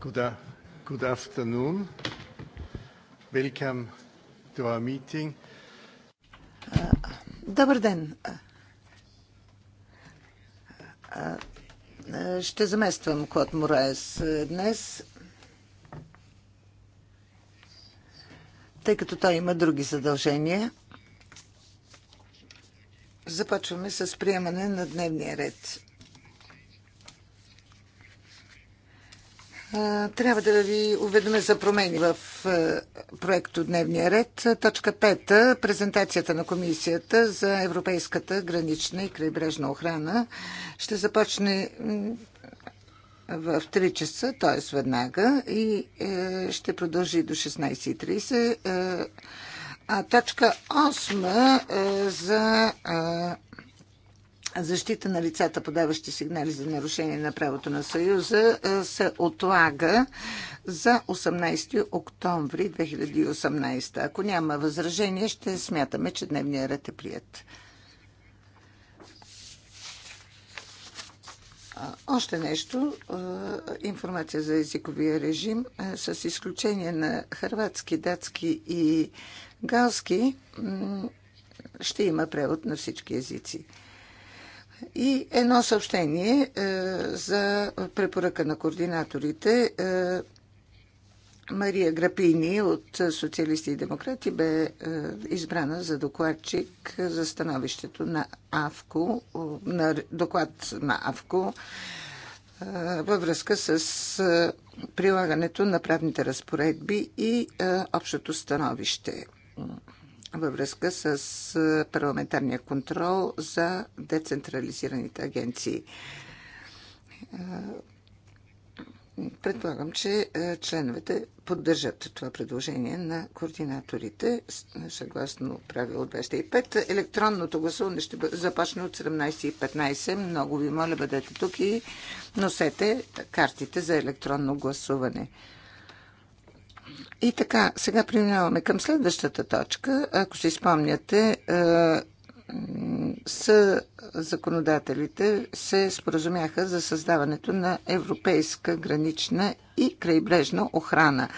Good, afternoon. Welcome to our meeting. Добър ден. Ще замествам Клод Мораес днес, тъй като той има други задължения. Започваме с приемане на дневния ред. Трябва да ви уведомя за промени в проекто Дневния ред. Точка 5. Презентацията на Комисията за Европейската гранична и крайбрежна охрана ще започне в 3 часа, т.е. веднага и е, ще продължи до 16.30. Е, а точка 8 е, за защита на лицата, подаващи сигнали за нарушение на правото на Съюза, е, се отлага за 18 октомври 2018. Ако няма възражение, ще смятаме, че дневния ред е прият. Още нещо, е, информация за езиковия режим, е, с изключение на хрватски, датски и галски, ще има превод на всички езици. И едно съобщение е, за препоръка на координаторите. Е, Мария Грапини от Социалисти и демократи бе е, избрана за докладчик за становището на АВКО, на доклад на АВКО във връзка с прилагането на правните разпоредби и общото становище във връзка с парламентарния контрол за децентрализираните агенции. Предполагам, че членовете поддържат това предложение на координаторите съгласно правило 205. Електронното гласуване ще започне от 17.15. Много ви моля, бъдете тук и носете картите за електронно гласуване. И така, сега преминаваме към следващата точка. Ако си спомняте, е, с законодателите се споразумяха за създаването на европейска гранична и крайбрежна охрана.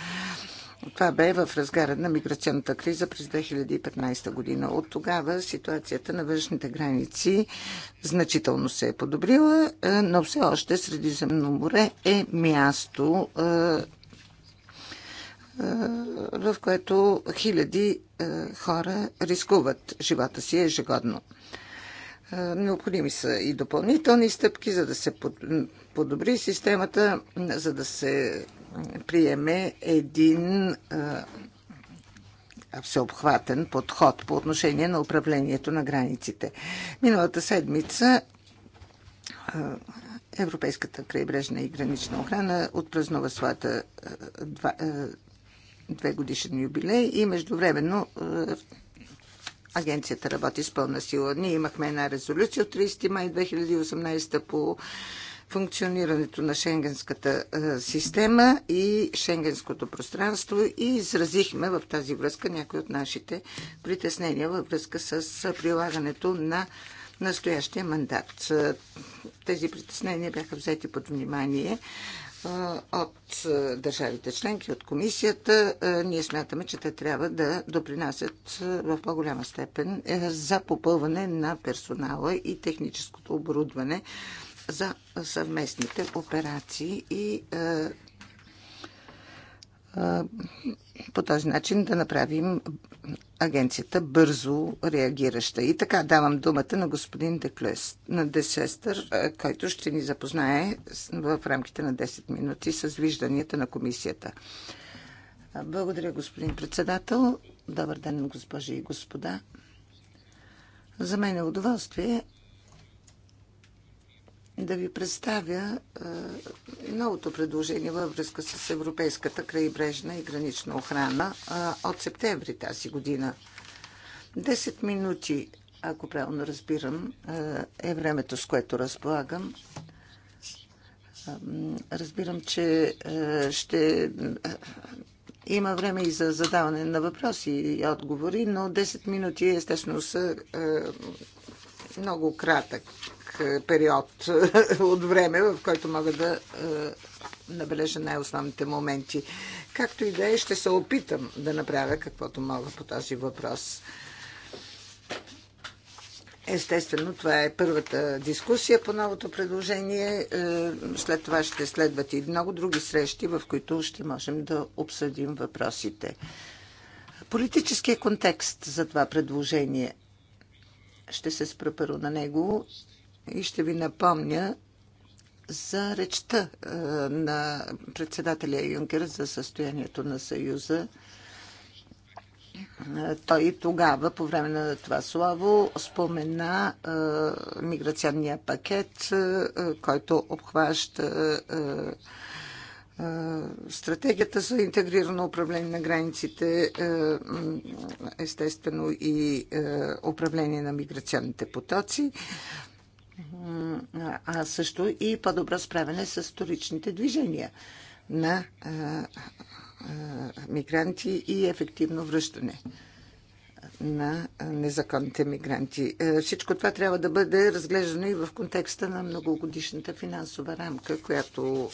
Това бе в разгара на миграционната криза през 2015 година. От тогава ситуацията на външните граници значително се е подобрила, е, но все още Средиземно море е място е, е, в което хиляди е, хора рискуват живота си ежегодно. Е, необходими са и допълнителни стъпки, за да се подобри системата, за да се приеме един всеобхватен подход по отношение на управлението на границите. Миналата седмица Европейската крайбрежна и гранична охрана отпразнува своята две годишен юбилей и междувременно е, агенцията работи с пълна сила. Ние имахме една резолюция от 30 май 2018 по функционирането на шенгенската е, система и шенгенското пространство и изразихме в тази връзка някои от нашите притеснения във връзка с е, прилагането на настоящия мандат. Тези притеснения бяха взети под внимание от държавите членки, от комисията. Ние смятаме, че те трябва да допринасят в по-голяма степен е, за попълване на персонала и техническото оборудване за съвместните операции и по този начин да направим агенцията бързо реагираща. И така давам думата на господин Деклес, на Десестър, който ще ни запознае в рамките на 10 минути с вижданията на комисията. Благодаря, господин председател. Добър ден, госпожи и господа. За мен е удоволствие да ви представя е, новото предложение във връзка с Европейската крайбрежна и гранична охрана е, от септември тази година. 10 минути, ако правилно разбирам, е, е времето, с което разполагам. Разбирам, че ще има време и за задаване на въпроси и отговори, но 10 минути естествено са много кратък е, период е, от време, в който мога да е, набележа най-основните моменти. Както и да е, ще се опитам да направя каквото мога по този въпрос. Естествено, това е първата дискусия по новото предложение. След това ще следват и много други срещи, в които ще можем да обсъдим въпросите. Политическия контекст за това предложение. Ще се спра първо на него и ще ви напомня за речта е, на председателя Юнкер за състоянието на Съюза. Е, той тогава, по време на това слово, спомена е, миграционния пакет, който обхваща стратегията за интегрирано управление на границите, естествено и управление на миграционните потоци а също и по-добро справяне с вторичните движения на мигранти и ефективно връщане на незаконните мигранти. Е, всичко това трябва да бъде разглеждано и в контекста на многогодишната финансова рамка, която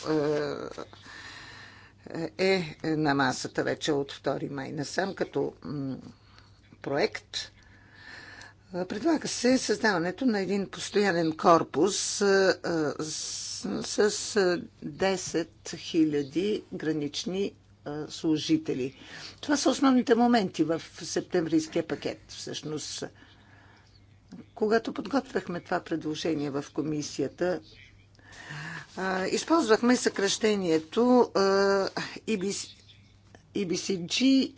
е, е, е на масата вече от 2 май насам като проект е, предлага се създаването на един постоянен корпус е, с 10 000 е, гранични служители. Това са основните моменти в септемврийския пакет, всъщност. Когато подготвяхме това предложение в комисията, използвахме съкръщението EBCG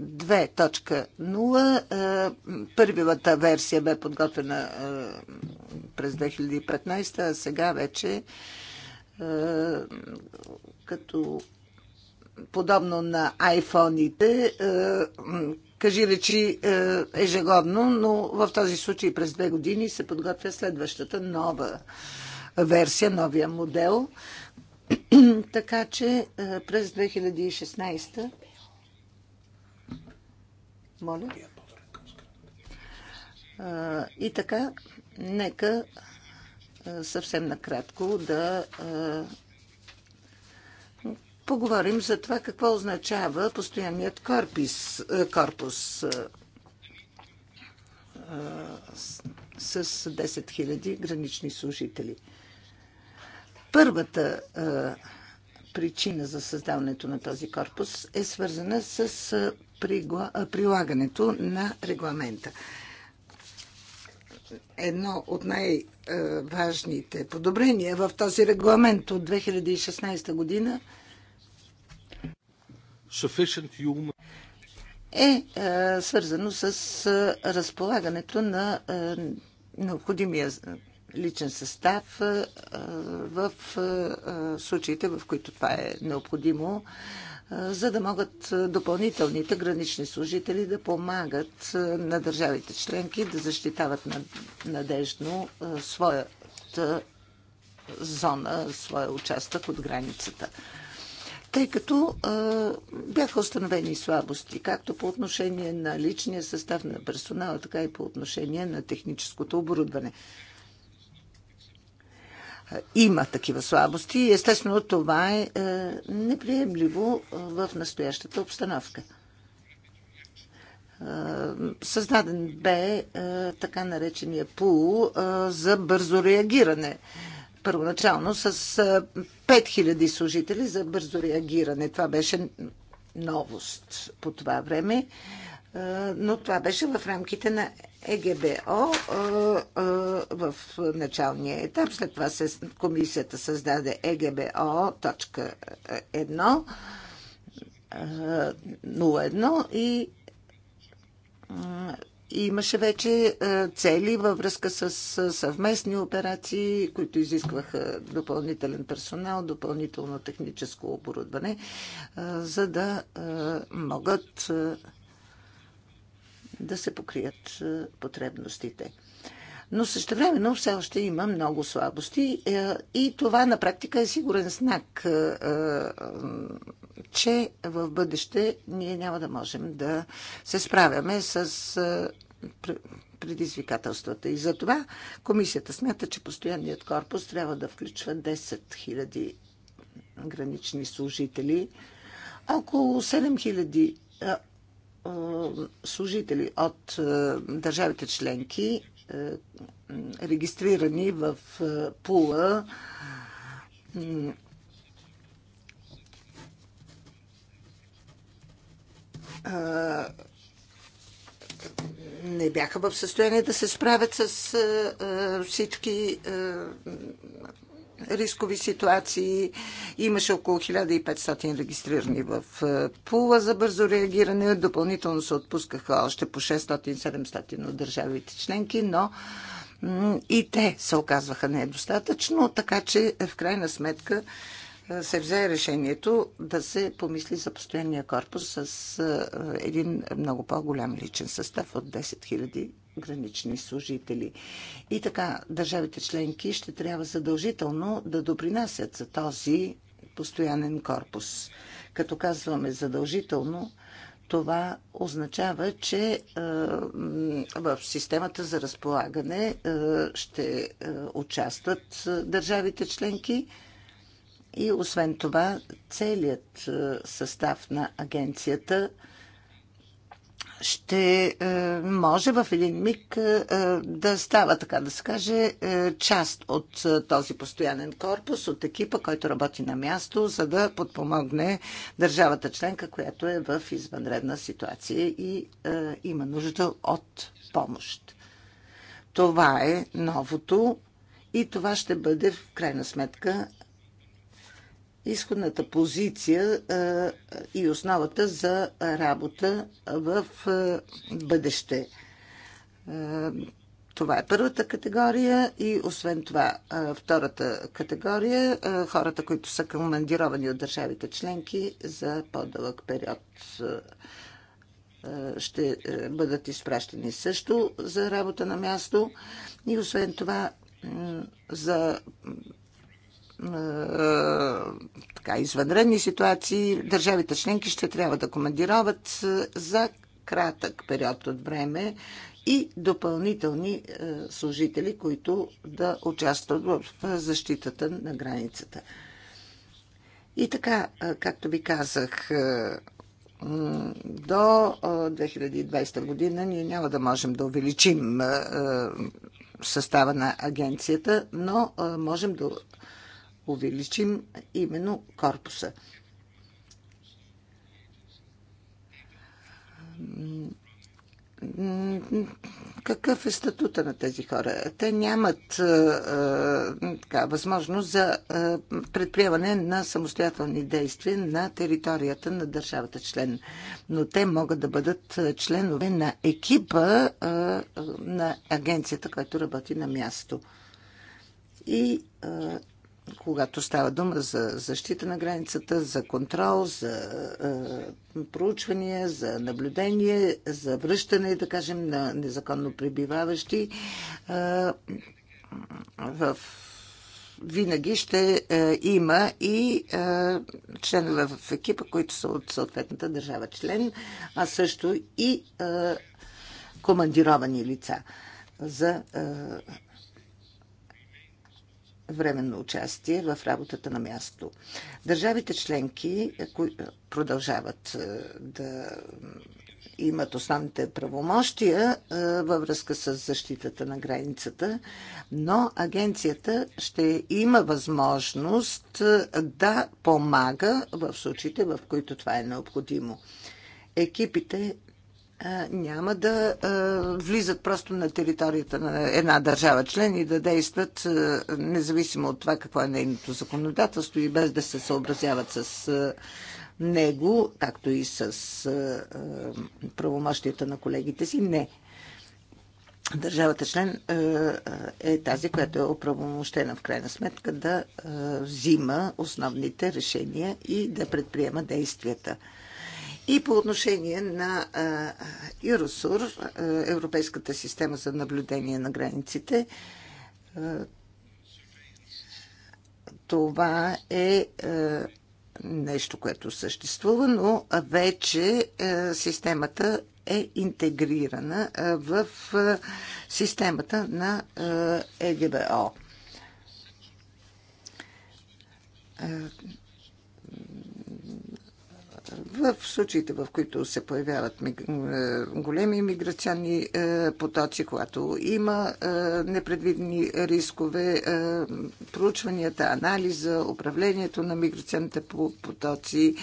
2.0. Е, първата версия бе подготвена е, през 2015, а сега вече е, като подобно на айфоните, кажи речи ежегодно, но в този случай през две години се подготвя следващата нова версия, новия модел. така че през 2016 моля. И така, нека съвсем накратко да поговорим за това какво означава постоянният корпус, корпус с 10 000 гранични служители. Първата причина за създаването на този корпус е свързана с прилагането на регламента. Едно от най-важните подобрения в този регламент от 2016 година е, е свързано с е, разполагането на е, необходимия личен състав в случаите, в които това е необходимо за да могат допълнителните гранични служители да помагат на държавите членки да защитават надежно своята зона, своя участък от границата. Тъй като бяха установени слабости, както по отношение на личния състав на персонала, така и по отношение на техническото оборудване. Е, има такива слабости и естествено това е, е неприемливо е, в настоящата обстановка. Създаден бе така наречения пул за бързо реагиране. Първоначално с 5000 служители за бързо реагиране. Това беше новост по това време но това беше в рамките на ЕГБО в началния етап. След това се, комисията създаде ЕГБО точка и имаше вече цели във връзка с съвместни операции, които изискваха допълнителен персонал, допълнително техническо оборудване, за да могат да се покрият е, потребностите. Но същевременно все още има много слабости е, и това на практика е сигурен знак, е, че в бъдеще ние няма да можем да се справяме с предизвикателствата. И затова комисията смята, че постоянният корпус трябва да включва 10 000 гранични служители, около 7 000 служители от държавите членки, регистрирани в пула не бяха в състояние да се справят с всички рискови ситуации. Имаше около 1500 регистрирани в е, пула за бързо реагиране. Допълнително се отпускаха още по 600-700 от държавите членки, но и те се оказваха недостатъчно, така че е, в крайна сметка е, се взе решението да се помисли за постоянния корпус с един много по-голям личен състав от 10 000 гранични служители. И така, държавите членки ще трябва задължително да допринасят за този постоянен корпус. Като казваме задължително, това означава, че е, в системата за разполагане е, ще е, участват държавите членки и освен това целият състав на агенцията – ще е, може в един миг е, е, да става, така да се каже, част от този постоянен корпус, от екипа, който работи на място, за да подпомогне държавата членка, която е в извънредна ситуация и има нужда от помощ. Това е новото и това ще бъде в крайна сметка изходната позиция и основата за работа в бъдеще. Това е първата категория и освен това втората категория хората, които са командировани от държавите членки за по-дълъг период ще бъдат изпращани също за работа на място и освен това за е, така, извънредни ситуации, държавите членки ще трябва да командироват е, за кратък период от време и допълнителни е, служители, които да участват в защитата на границата. И така, както ви казах, до 2020 година ние няма да можем да увеличим състава на агенцията, но можем да увеличим именно корпуса. Какъв е статута на тези хора? Те нямат така, възможност за предприемане на самостоятелни действия на територията на държавата член. Но те могат да бъдат членове на екипа на агенцията, която работи на място. И когато става дума за защита на границата, за контрол, за е, проучвания, за наблюдение, за връщане, да кажем, на незаконно пребиваващи, е, в винаги ще е, има и е, членове в екипа, които са от съответната държава член, а също и е, командировани лица за е, временно участие в работата на място. Държавите членки е, е, продължават е, да имат основните правомощия във връзка с защитата на границата, но агенцията ще има възможност да помага в случаите, в които това е необходимо. Екипите няма да влизат просто на територията на една държава член и да действат независимо от това какво е нейното законодателство и без да се съобразяват с него, както и с правомощията на колегите си. Не. Държавата член е тази, която е оправомощена в крайна сметка да взима основните решения и да предприема действията. И по отношение на Юросур, Европейската система за наблюдение на границите, това е нещо, което съществува, но вече системата е интегрирана в системата на ЕГБО. В случаите, в които се появяват е, големи миграционни е, потоци, когато има е, непредвидени рискове, проучванията, анализа, управлението на миграционните потоци,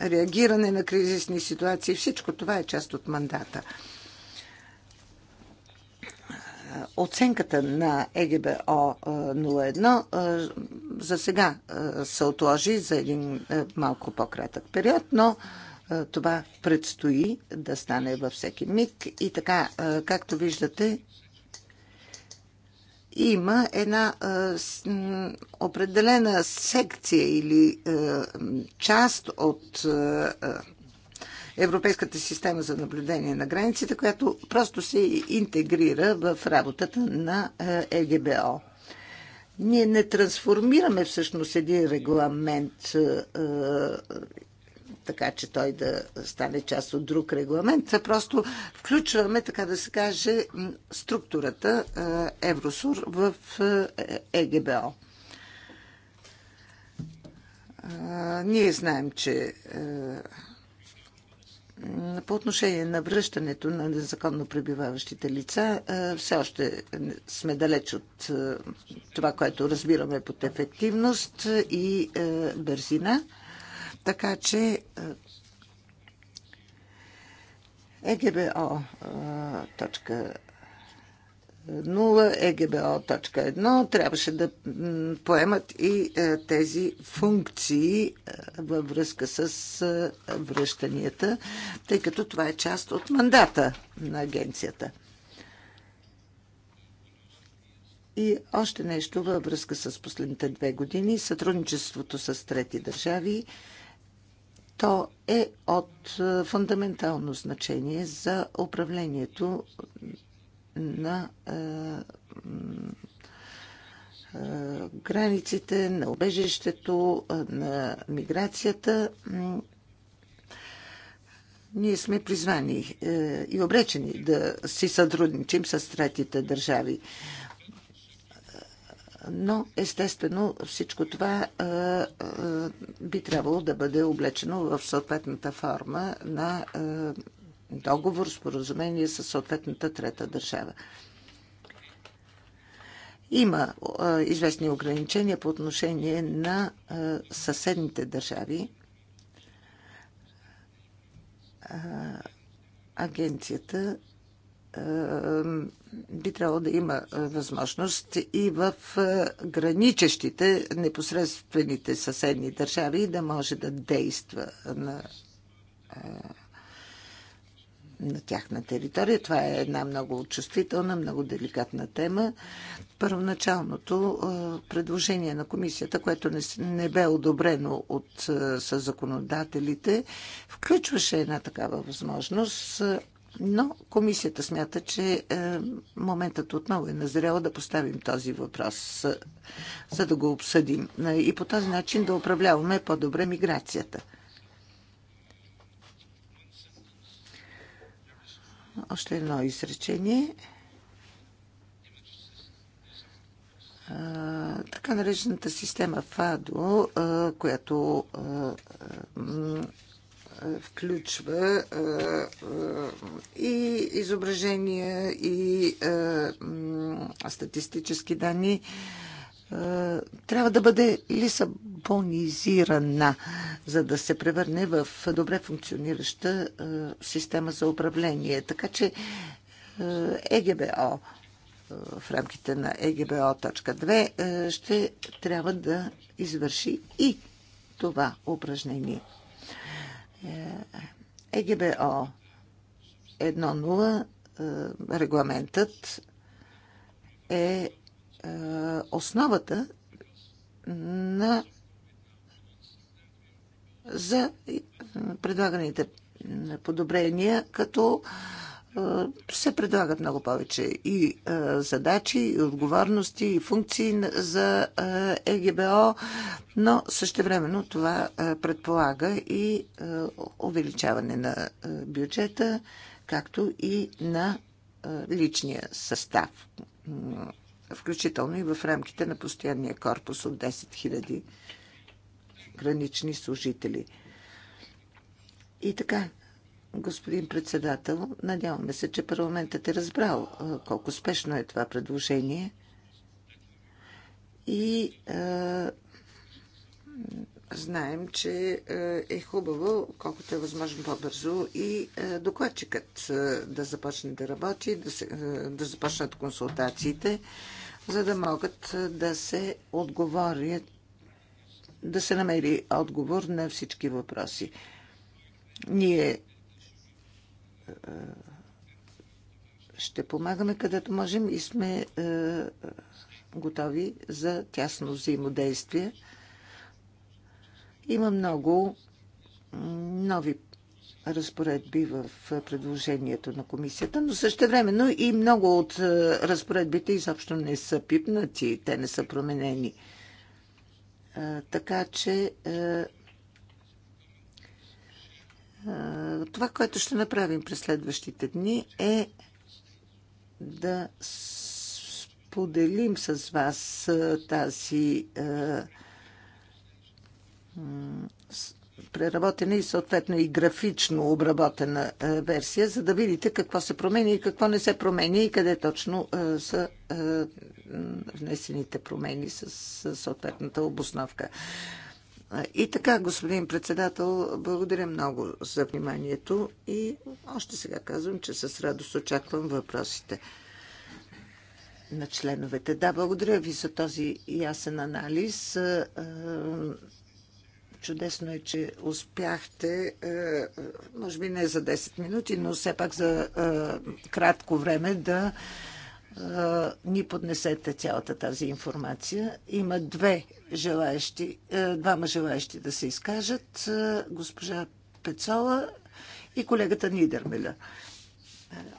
реагиране на кризисни ситуации, всичко това е част от мандата. Оценката на ЕГБО 01 за сега се отложи за един малко по-кратък период, но това предстои да стане във всеки миг. И така, както виждате, има една определена секция или част от Европейската система за наблюдение на границите, която просто се интегрира в работата на ЕГБО. Е ние не трансформираме всъщност един регламент е, е, така че той да стане част от друг регламент. Просто включваме, така да се каже, структурата Евросур в ЕГБО. Ние знаем, че по отношение на връщането на незаконно пребиваващите лица, все още сме далеч от това, което разбираме под ефективност и бързина. Така че егбо.com 0 ЕГБО.1 трябваше да поемат и е, тези функции е, във връзка с е, връщанията, тъй като това е част от мандата на агенцията. И още нещо във връзка с последните две години. Сътрудничеството с трети държави то е от фундаментално значение за управлението на е, е, границите, на обежището, е, на миграцията. Ние сме призвани и обречени да си сътрудничим с третите държави. Но, естествено, всичко това би трябвало да бъде облечено в съответната форма на договор, споразумение с съответната трета държава. Има а, известни ограничения по отношение на а, съседните държави. А, агенцията би трябвало да има възможност и в граничещите, непосредствените съседни държави да може да действа на на тяхна територия. Това е една много чувствителна, много деликатна тема. Първоначалното е, предложение на комисията, което не, не бе одобрено от е, законодателите, включваше една такава възможност е, но комисията смята, че е, моментът отново е назрял да поставим този въпрос, за да го обсъдим и по този начин да управляваме по-добре миграцията. Още едно изречение. така наречената система ФАДО, която включва и изображения, и статистически данни, е, трябва да бъде лисабонизирана, за да се превърне в добре функционираща е, система за управление. Така че ЕГБО е в рамките на ЕГБО.2 ще трябва да извърши и това упражнение. ЕГБО 1.0 регламентът е е, основата на за е, предлаганите подобрения, като е, се предлагат много повече и задачи, и отговорности, и функции за ЕГБО, но същевременно това предполага и увеличаване на бюджета, както и на личния състав включително и в рамките на постоянния корпус от 10 000 гранични служители. И така, господин председател, надяваме се, че парламентът е разбрал колко спешно е това предложение. И е, знаем, че е хубаво, колкото е възможно по-бързо, и докладчикът да започне да работи, да, се, да започнат консултациите за да могат да се отговорят, да се намери отговор на всички въпроси. Ние ще помагаме където можем и сме готови за тясно взаимодействие. Има много нови разпоредби в предложението на комисията, но същевременно и много от разпоредбите изобщо не са пипнати, те не са променени. Така че това, което ще направим през следващите дни е да споделим с вас тази преработена и съответно и графично обработена е, версия, за да видите какво се променя и какво не се променя и къде точно е, са е, внесените промени с съответната обосновка. И така, господин председател, благодаря много за вниманието и още сега казвам, че с радост очаквам въпросите на членовете. Да, благодаря ви за този ясен анализ. Чудесно е, че успяхте, е, е, може би не за 10 минути, но все пак за е, кратко време да ни поднесете цялата тази информация. Има две желаещи, двама желаещи да се изкажат. Госпожа Пецола и колегата Нидермеля.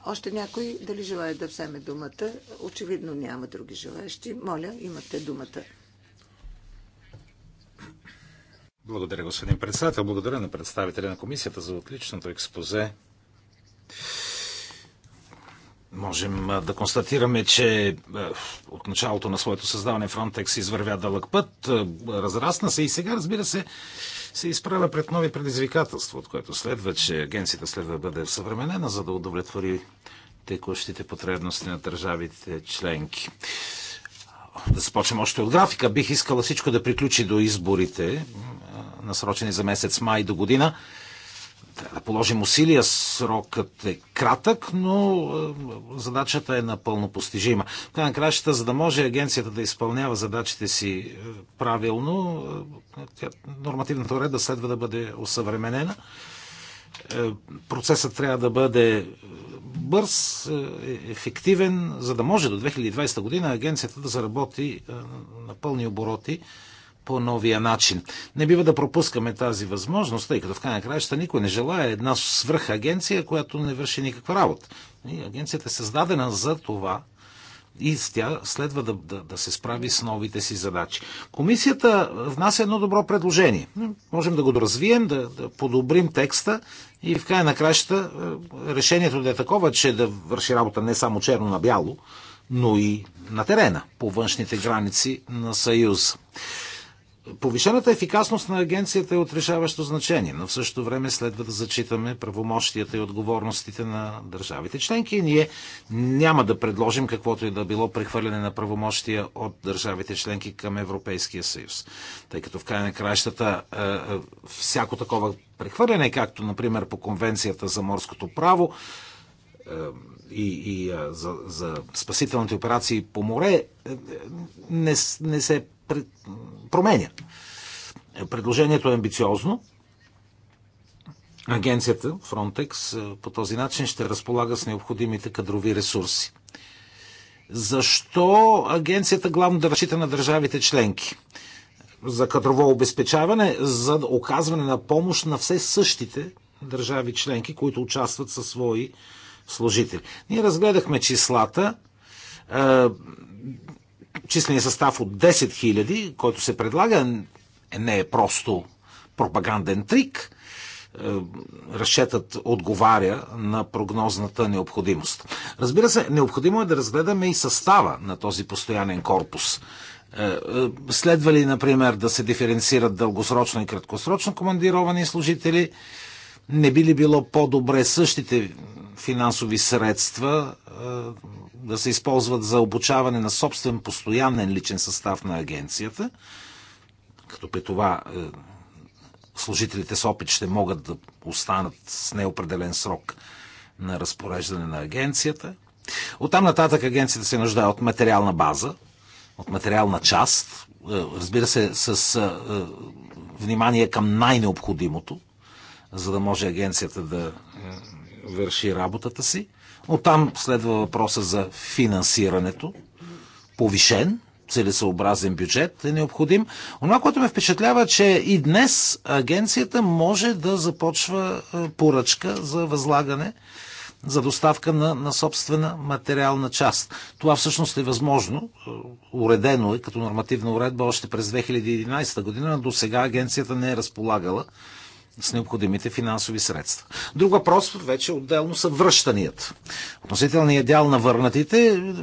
Още някой дали желая да вземе думата? Очевидно няма други желаещи. Моля, имате думата. Благодаря, господин председател. Благодаря на представителя на комисията за отличното експозе. Можем да констатираме, че от началото на своето създаване Frontex извървя дълъг път, разрасна се и сега, разбира се, се изправя пред нови предизвикателства, от което следва, че агенцията следва да бъде съвременена, за да удовлетвори текущите потребности на държавите членки. Да започнем още от графика. Бих искала всичко да приключи до изборите насрочени за месец май до година. Трябва да положим усилия, срокът е кратък, но е, задачата е напълно постижима. Край на кращата, за да може агенцията да изпълнява задачите си е, правилно, е, нормативната уредба следва да бъде осъвременена. Процесът трябва да бъде бърз, ефективен, за да може до 2020 година агенцията да заработи на пълни обороти по новия начин. Не бива да пропускаме тази възможност, тъй като в крайна краища никой не желая една свръхагенция, която не върши никаква работа. И агенцията е създадена за това и с тя следва да, да, да се справи с новите си задачи. Комисията внася едно добро предложение. Можем да го доразвием, да, да подобрим текста и в края на краща е, решението да е такова, че да върши работа не само черно на бяло, но и на терена, по външните граници на Съюз. Повишената ефикасност на агенцията е от решаващо значение, но в същото време следва да зачитаме правомощията и отговорностите на държавите членки. Ние няма да предложим каквото и да било прехвърляне на правомощия от държавите членки към Европейския съюз. Тъй като в край на краищата е, е, всяко такова прехвърляне, както например по Конвенцията за морското право е, и, и за, за спасителните операции по море, не, не се променя. Предложението е амбициозно. Агенцията Frontex е, по този начин ще разполага с необходимите кадрови ресурси. Защо агенцията главно да разчита на държавите членки? За кадрово обезпечаване, за оказване на помощ на все същите държави членки, които участват със свои служители. Ние разгледахме числата. Е, численият състав от 10 000, който се предлага, не е просто пропаганден трик. Е, разчетът отговаря на прогнозната необходимост. Разбира се, необходимо е да разгледаме и състава на този постоянен корпус. Е, е, следва ли, например, да се диференцират дългосрочно и краткосрочно командировани служители? Не би ли било по-добре същите финансови средства да се използват за обучаване на собствен постоянен личен състав на агенцията, като при това е, служителите с опит ще могат да останат с неопределен срок на разпореждане на агенцията. От там нататък агенцията се нуждае от материална база, от материална част, е, разбира се, с е, внимание към най-необходимото, за да може агенцията да върши работата си. Оттам следва въпроса за финансирането. Повишен, целесообразен бюджет е необходим. Оно, което ме впечатлява, е, че и днес агенцията може да започва е, поръчка за възлагане за доставка на, на собствена материална част. Това всъщност е възможно. Е, уредено е като нормативна уредба още през 2011 година, но до сега агенцията не е разполагала с необходимите финансови средства. Друг въпрос вече отделно са връщанията. Относителният дял на върнатите е,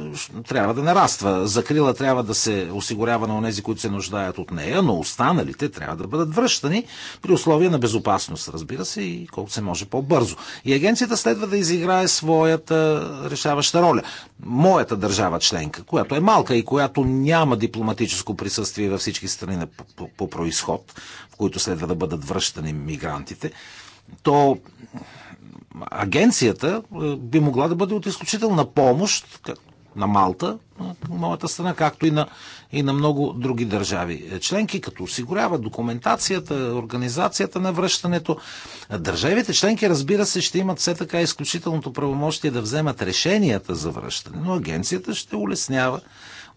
трябва да нараства. Закрила трябва да се осигурява на онези, които се нуждаят от нея, но останалите трябва да бъдат връщани при условия на безопасност, разбира се, и колкото се може по-бързо. И агенцията следва да изиграе своята решаваща роля. Моята държава членка, която е малка и която няма дипломатическо присъствие във всички страни по, по, по происход, в които следва да бъдат връщани мигрантите, то агенцията е, би могла да бъде от изключителна помощ на Малта, моята страна, както и на, и на много други държави членки, като осигурява документацията, организацията на връщането. Държавите членки, разбира се, ще имат все така изключителното правомощие да вземат решенията за връщане, но агенцията ще улеснява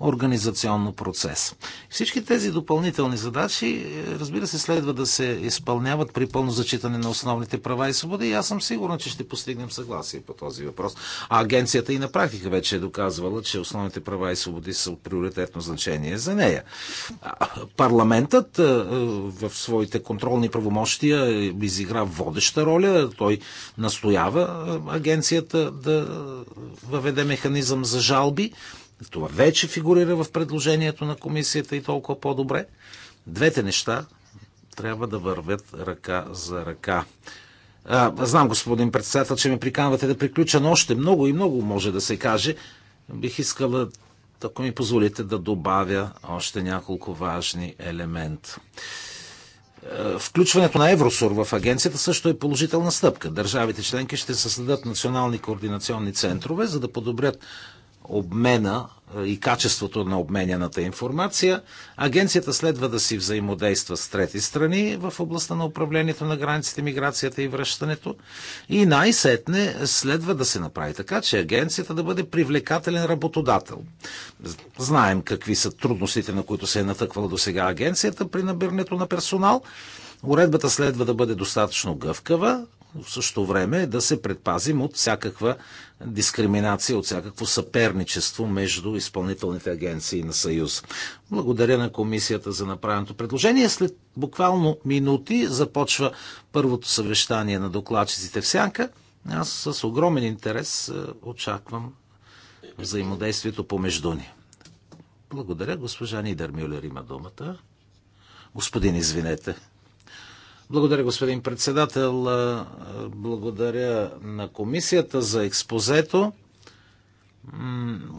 организационно процес. Всички тези допълнителни задачи, е, разбира се, следва да се изпълняват при пълно зачитане на основните права и свободи и аз съм сигурна, че ще постигнем съгласие по този въпрос. А агенцията и на практика вече е доказвала, че основните права и свободи са от приоритетно значение за нея. Парламентът е, е, в своите контролни правомощия изигра водеща роля. Той настоява агенцията да въведе механизъм за жалби това вече фигурира в предложението на комисията и толкова по-добре. Двете неща трябва да вървят ръка за ръка. А, знам, господин председател, че ме приканвате да приключа, но още много и много може да се каже. Бих искала, ако ми позволите, да добавя още няколко важни елемента. Включването на Евросур в агенцията също е положителна стъпка. Държавите членки ще създадат национални координационни центрове, за да подобрят обмена е, и качеството на обменената информация, агенцията следва да си взаимодейства с трети страни в областта на управлението на границите, миграцията и връщането. И най-сетне следва да се направи така, че агенцията да бъде привлекателен работодател. Знаем какви са трудностите, на които се е натъквала до сега агенцията при набирането на персонал. Уредбата следва да бъде достатъчно гъвкава, в същото време да се предпазим от всякаква дискриминация от всякакво съперничество между изпълнителните агенции на Съюз. Благодаря на комисията за направеното предложение. След буквално минути започва първото съвещание на докладчиците в Сянка. Аз с огромен интерес е, очаквам взаимодействието помежду ни. Благодаря. Госпожа Нидер Мюлер има думата. Господин, извинете. Благодаря, господин председател. Благодаря на комисията за експозето.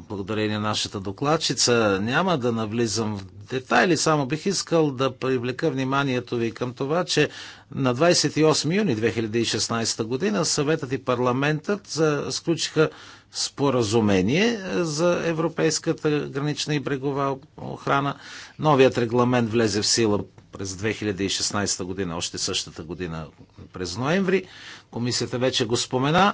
Благодарение на нашата докладчица. Няма да навлизам в детайли, само бих искал да привлека вниманието ви към това, че на 28 юни 2016 година съветът и парламентът сключиха споразумение е, за европейската гранична и брегова охрана. Новият регламент влезе в сила през 2016 година, още същата година през ноември. Комисията вече го спомена.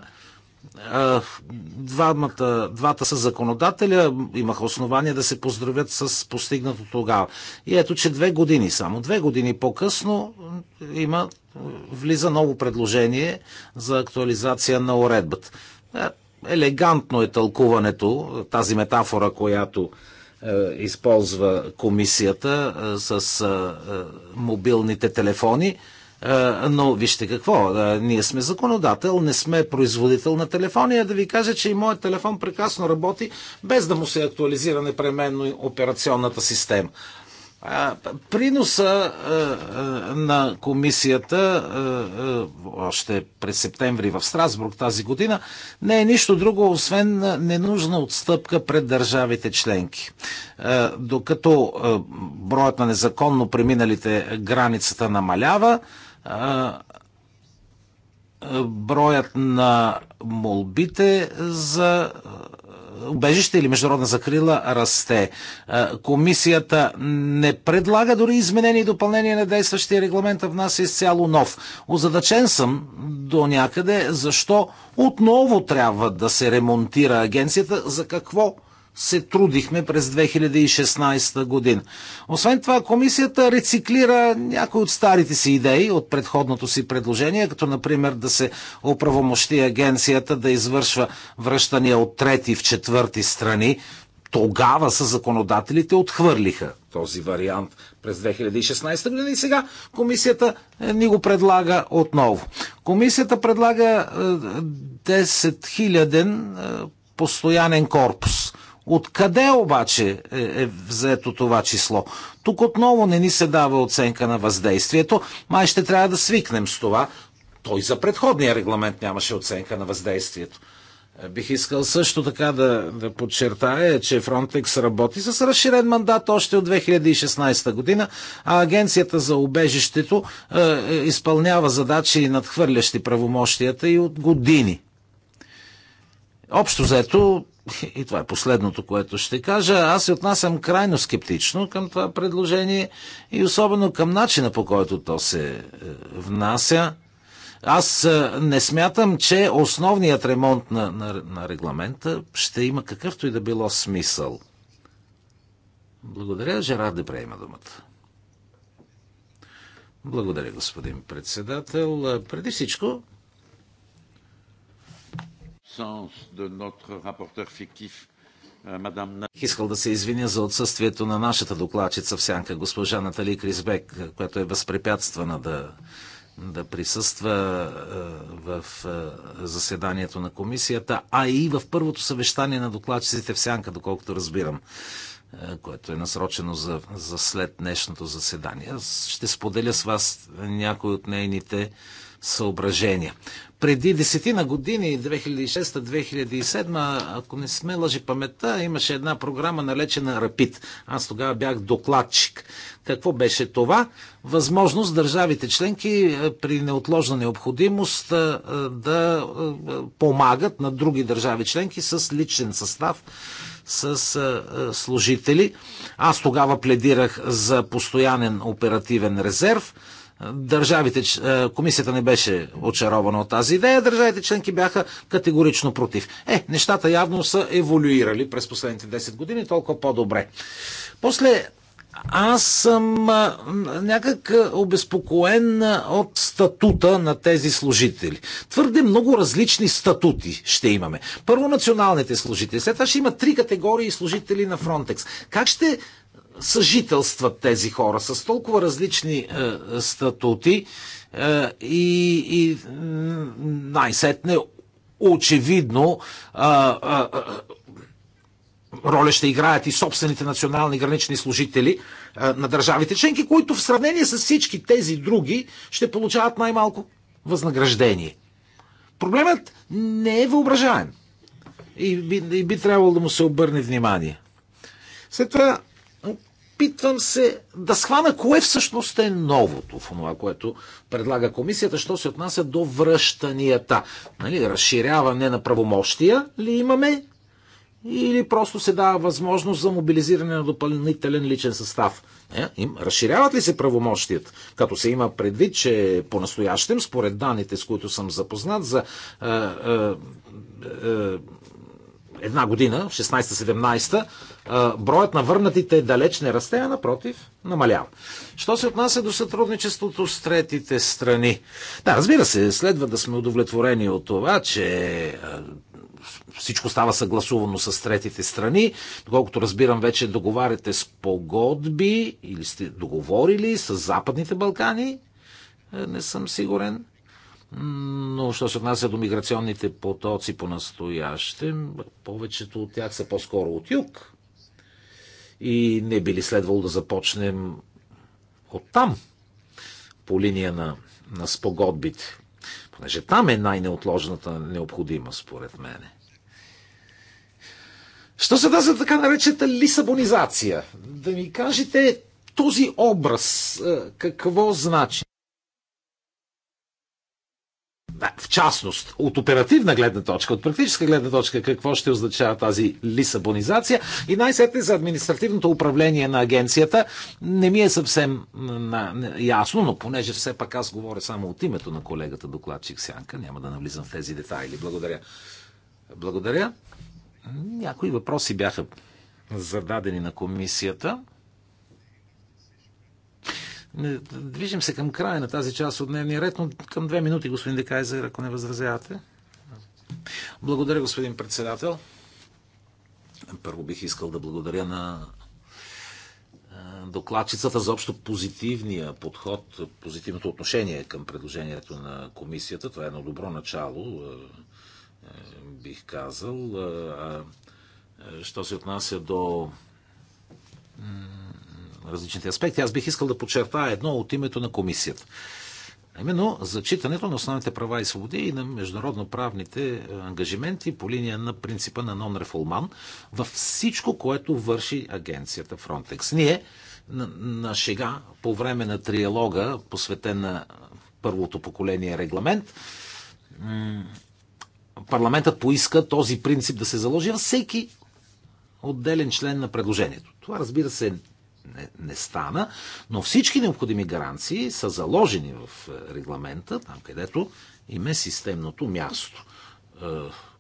Двамата, двата са законодателя, имаха основания да се поздравят с постигнато тогава. И ето, че две години само, две години по-късно има, влиза ново предложение за актуализация на уредбата. Е, елегантно е тълкуването, тази метафора, която е, използва комисията е, с е, мобилните телефони. Но вижте какво, ние сме законодател, не сме производител на телефони, а да ви кажа, че и моят телефон прекрасно работи, без да му се актуализира непременно операционната система. Приноса е, е, на комисията е, още през септември в Страсбург тази година не е нищо друго, освен ненужна отстъпка пред държавите членки. Докато броят на незаконно преминалите границата намалява, броят на молбите за убежище или международна закрила расте. Е, комисията не предлага дори изменения и допълнение на действащия регламент, а в нас е изцяло нов. Озадачен съм до някъде, защо отново трябва да се ремонтира агенцията, за какво се трудихме през 2016 година. Освен това, комисията рециклира някои от старите си идеи от предходното си предложение, като например да се оправомощи агенцията да извършва връщания от трети в четвърти страни. Тогава са законодателите отхвърлиха този вариант през 2016 година и сега комисията е, ни го предлага отново. Комисията предлага 10 е, 000 е, постоянен корпус Откъде обаче е, е взето това число? Тук отново не ни се дава оценка на въздействието. Май ще трябва да свикнем с това. Той за предходния регламент нямаше оценка на въздействието. Е, бих искал също така да, да подчертая, че Frontex работи с разширен мандат още от 2016 година, а Агенцията за убежището е, е, изпълнява задачи, надхвърлящи правомощията и от години. Общо заето, и това е последното, което ще кажа, аз се отнасям крайно скептично към това предложение и особено към начина по който то се е, внася. Аз е, не смятам, че основният ремонт на, на, на регламента ще има какъвто и да било смисъл. Благодаря. Жерар Депре има думата. Благодаря, господин председател. Е, преди всичко, Euh, искал да се извиня за отсъствието на нашата докладчица в сянка, госпожа Натали Кризбек, която е възпрепятствана да, да присъства е, в е, заседанието на комисията, а и в първото съвещание на докладчиците в сянка, доколкото разбирам е, което е насрочено за, за след днешното заседание. Аз ще споделя с вас някои от нейните съображения. Преди десетина години, 2006-2007, ако не сме лъжи паметта, имаше една програма наречена Рапид. Аз тогава бях докладчик. Какво беше това? Възможност държавите членки е, при неотложна необходимост е, да е, помагат на други държави членки с личен състав с служители. Аз тогава пледирах за постоянен оперативен резерв. Държавите, е, комисията не беше очарована от тази идея, държавите членки бяха категорично против. Е, нещата явно са еволюирали през последните 10 години, толкова по-добре. После аз съм е, някак е, обезпокоен от статута на тези служители. Твърде много различни статути ще имаме. Първо националните служители, след това ще има три категории служители на Фронтекс. Как ще съжителстват тези хора с толкова различни е, статути е, и, и най-сетне очевидно е, е, е, роля ще играят и собствените национални гранични служители е, на държавите членки, които в сравнение с всички тези други ще получават най-малко възнаграждение. Проблемът не е въображаем. И би, и би трябвало да му се обърне внимание. След това опитвам се да схвана кое всъщност е новото в това, което предлага комисията, що се отнася до връщанията. Нали, разширяване на правомощия ли имаме? Или просто се дава възможност за мобилизиране на допълнителен личен състав? Е, им, разширяват ли се правомощият, Като се има предвид, че по-настоящем, според данните, с които съм запознат, за е, е, е, една година, 16-17, броят на върнатите далеч не расте, а напротив, намалява. Що се отнася до сътрудничеството с третите страни? Да, разбира се, следва да сме удовлетворени от това, че всичко става съгласувано с третите страни. Доколкото разбирам, вече договаряте с погодби или сте договорили с Западните Балкани. Е, не съм сигурен. Но, що се отнася до миграционните потоци по настояще, повечето от тях са по-скоро от юг. И не би ли следвало да започнем от там, по линия на, на спогодбите? Понеже там е най-неотложната необходима, според мене. Що се да за така наречената лисабонизация? Да ми кажете този образ е, какво значи? Е, в частност, от оперативна гледна точка, от практическа гледна точка, какво ще означава тази лисабонизация и най-сетне за административното управление на агенцията не ми е съвсем ясно, но понеже все пак аз говоря само от името на колегата докладчик Сянка, няма да навлизам в тези детайли. Благодаря. Благодаря. Някои въпроси бяха зададени на комисията. Движим се към края на тази част от дневния ред, но към две минути, господин Декайзер, ако не възразявате. Благодаря, господин председател. Първо бих искал да благодаря на докладчицата за общо позитивния подход, позитивното отношение към предложението на комисията. Това е едно добро начало, бих казал. Що се отнася до различните аспекти, аз бих искал да подчертая едно от името на комисията. Именно зачитането на основните права и свободи и на международно-правните е, ангажименти по линия на принципа на нон-рефулман във всичко, което върши агенцията Frontex. Ние на, на шега по време на триалога, посветен на първото поколение регламент, парламентът поиска този принцип да се заложи във всеки отделен член на предложението. Това, разбира се, не, не стана, но всички необходими гаранции са заложени в е, регламента, там където им е системното място. Е,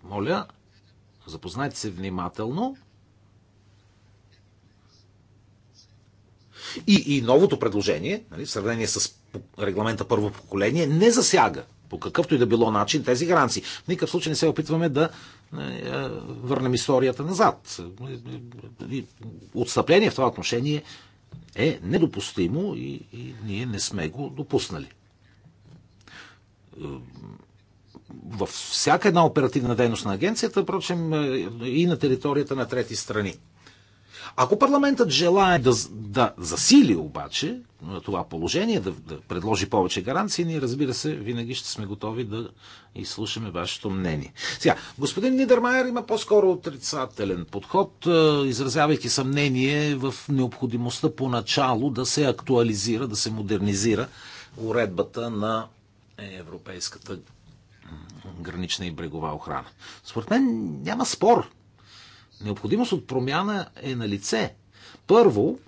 моля, запознайте се внимателно. И, и новото предложение, нали, в сравнение с регламента първо поколение, не засяга по какъвто и да било начин тези гаранции. В никакъв случай не се опитваме да е, върнем историята назад. Отстъпление в това отношение е недопустимо и, и ние не сме го допуснали. Е, във всяка една оперативна дейност на агенцията, впрочем, е, и на територията на трети страни. Ако парламентът желая да, да засили обаче това положение, да, да предложи повече гаранции, ние разбира се, винаги ще сме готови да изслушаме вашето мнение. Сега, господин Нидермайер има по-скоро отрицателен подход, е, изразявайки съмнение в необходимостта поначало да се актуализира, да се модернизира уредбата на европейската гранична и брегова охрана. Според мен няма спор Необходимост от промяна е на лице. Първо,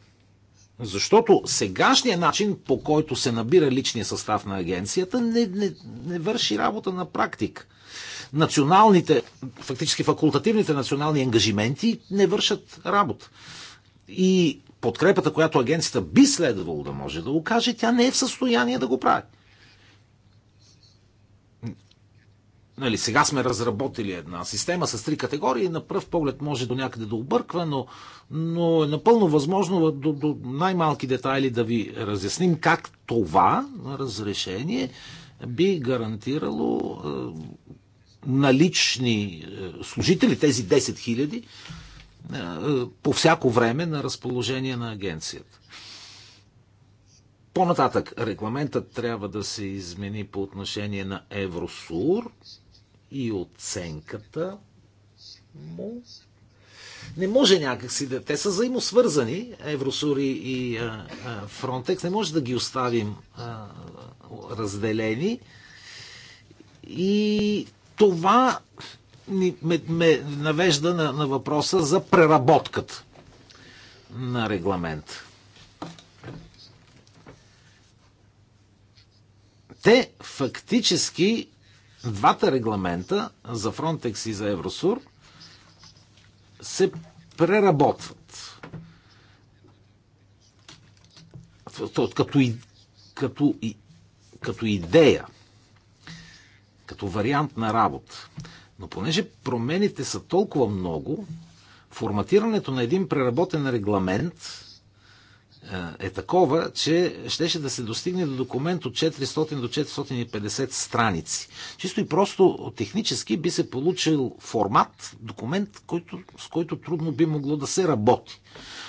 защото сегашният начин, по който се набира личния състав на агенцията, не, не, не върши работа на практик. Националните, фактически факултативните национални ангажименти не вършат работа. И подкрепата, която агенцията би следвало да може да окаже, тя не е в състояние да го прави. нали, сега сме разработили една система с три категории, на пръв поглед може до някъде да обърква, но, но е напълно възможно до, до най-малки детайли да ви разясним как това разрешение би гарантирало е, налични е, служители, тези 10 е, е, по всяко време на разположение на агенцията. По-нататък регламентът трябва да се измени по отношение на Евросур, и оценката му. Не може някакси да... Те са взаимосвързани, Евросури и а, а, Фронтекс. Не може да ги оставим а, разделени. И това ни, ме, ме навежда на, на въпроса за преработката на регламент. Те фактически двата регламента за Frontex и за Евросур се преработват. Като, и, като, и, като идея, като вариант на работа. Но понеже промените са толкова много, форматирането на един преработен регламент е такова, че щеше да се достигне до документ от 400 до 450 страници. Чисто и просто технически би се получил формат, документ, който, с който трудно би могло да се работи.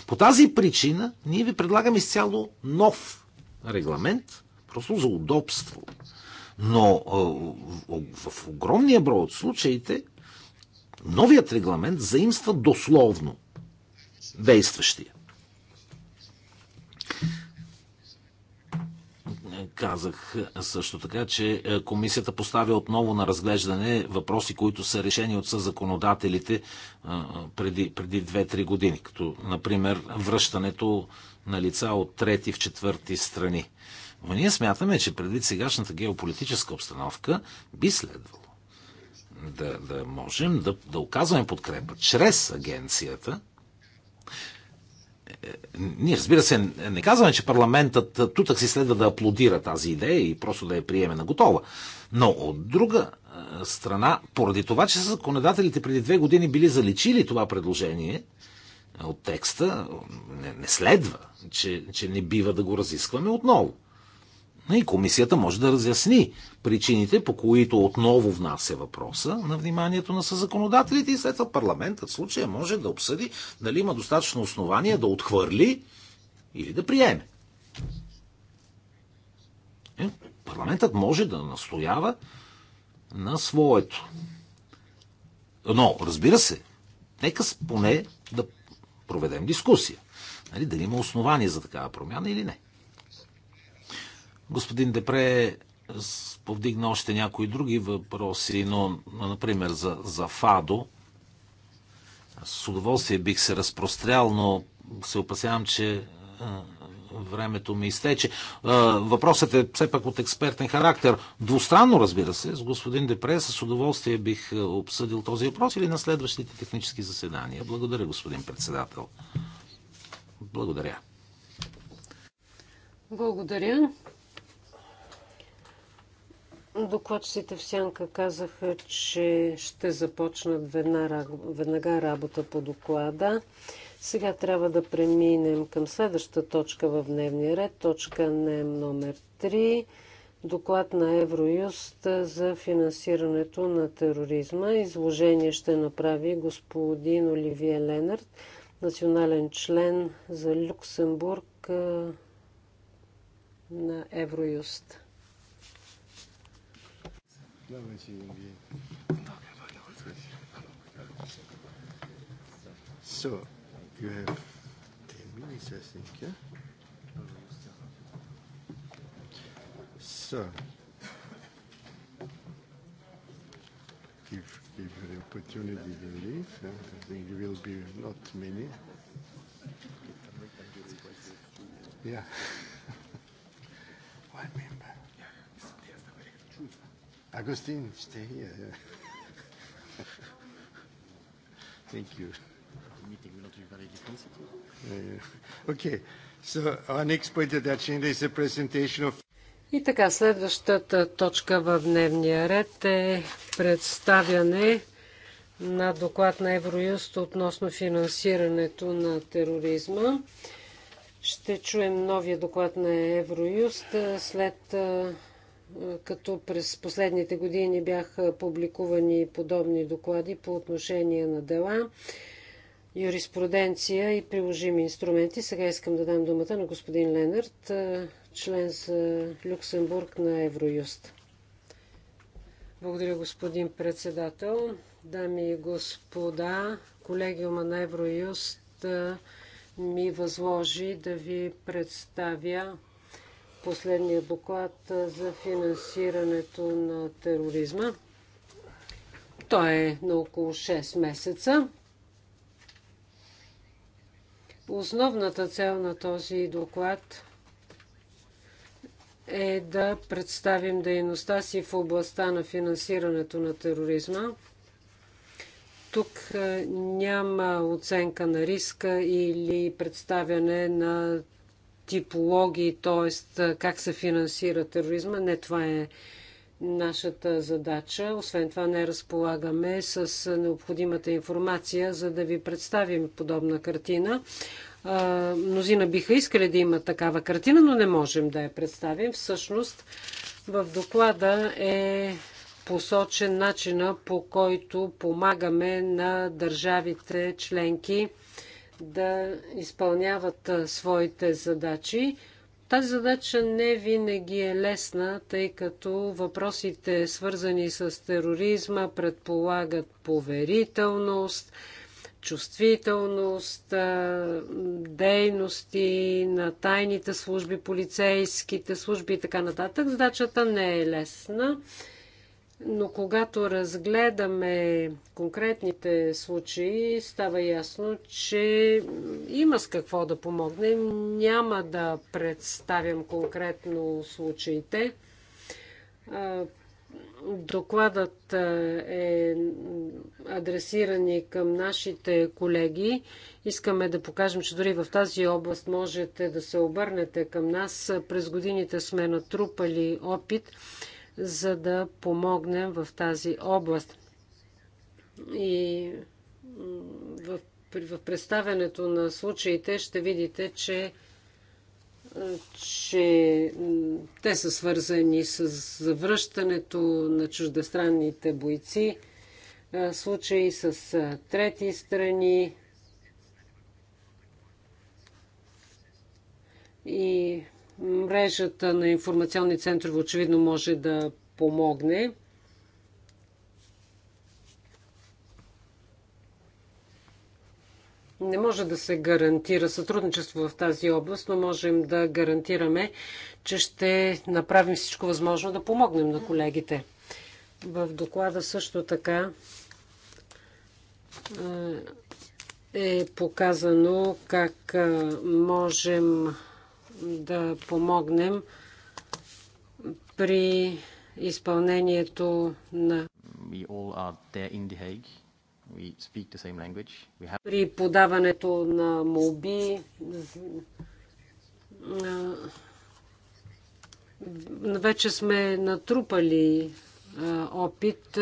По тази причина ние ви предлагаме изцяло нов регламент, просто за удобство. Но в огромния брой от случаите новият регламент заимства дословно действащия. Казах също така, че комисията поставя отново на разглеждане въпроси, които са решени от съзаконодателите преди, преди 2-3 години, като, например, връщането на лица от трети в четвърти страни. Но ние смятаме, че предвид сегашната геополитическа обстановка би следвало да, да можем да, да оказваме подкрепа чрез агенцията е, е, ние, разбира се, не казваме, че парламентът е, тутък си следва да аплодира тази идея и просто да я приеме на готова. Но от друга страна, поради това, че законодателите преди две години били заличили това предложение от текста, не, не следва, че, че не бива да го разискваме отново. И комисията може да разясни причините, по които отново внася въпроса на вниманието на съзаконодателите и след това парламентът в случая може да обсъди дали има достатъчно основания да отхвърли или да приеме. И е, парламентът може да настоява на своето. Но, разбира се, нека поне да проведем дискусия. Нали, дали има основания за такава промяна или не. Господин Депре повдигна още някои други въпроси, но, например, за, за ФАДО. С удоволствие бих се разпрострял, но се опасявам, че времето ми изтече. Въпросът е все пак от експертен характер. Двустранно, разбира се, с господин Депре с удоволствие бих обсъдил този въпрос или на следващите технически заседания. Благодаря, господин председател. Благодаря. Благодаря. Докладчиците в Сянка казаха, че ще започнат веднага работа по доклада. Сега трябва да преминем към следващата точка в дневния ред, точка НЕМ номер 3, доклад на Евроюст за финансирането на тероризма. Изложение ще направи господин Оливия Ленард, национален член за Люксембург на Евроюст. So, you have 10 minutes, I think, yeah? So, if, if the opportunity to leave, yeah, I think there will be not many. Yeah. One minute. Agustin, stay here. Yeah. Thank you. The meeting will not be very defensive. Okay. So our next point of agenda is the presentation of и така, следващата точка в дневния ред е представяне на доклад на Евроюст относно финансирането на тероризма. Ще чуем новия доклад на Евроюст след като през последните години бяха публикувани подобни доклади по отношение на дела, юриспруденция и приложими инструменти. Сега искам да дам думата на господин Ленард, член за Люксембург на Евроюст. Благодаря, господин председател. Дами и господа, колегиума на Евроюст ми възложи да ви представя последния доклад за финансирането на тероризма. Той е на около 6 месеца. Основната цел на този доклад е да представим дейността си в областта на финансирането на тероризма. Тук няма оценка на риска или представяне на типологии, т.е. как се финансира тероризма. Не, това е нашата задача. Освен това не разполагаме с необходимата информация, за да ви представим подобна картина. Мнозина биха искали да има такава картина, но не можем да я представим. Всъщност в доклада е посочен начина по който помагаме на държавите членки да изпълняват своите задачи. Тази задача не винаги е лесна, тъй като въпросите, свързани с тероризма, предполагат поверителност, чувствителност, дейности на тайните служби, полицейските служби и така нататък. Задачата не е лесна. Но когато разгледаме конкретните случаи, става ясно, че има с какво да помогнем. Няма да представям конкретно случаите. Докладът е адресиран и към нашите колеги. Искаме да покажем, че дори в тази област можете да се обърнете към нас. През годините сме натрупали опит за да помогнем в тази област. И в, в представянето на случаите ще видите, че, че те са свързани с завръщането на чуждестранните бойци, случаи с трети страни и Мрежата на информационни центрове очевидно може да помогне. Не може да се гарантира сътрудничество в тази област, но можем да гарантираме, че ще направим всичко възможно да помогнем на колегите. В доклада също така е, е показано как е, можем да помогнем при изпълнението на при подаването на молби вече сме натрупали опит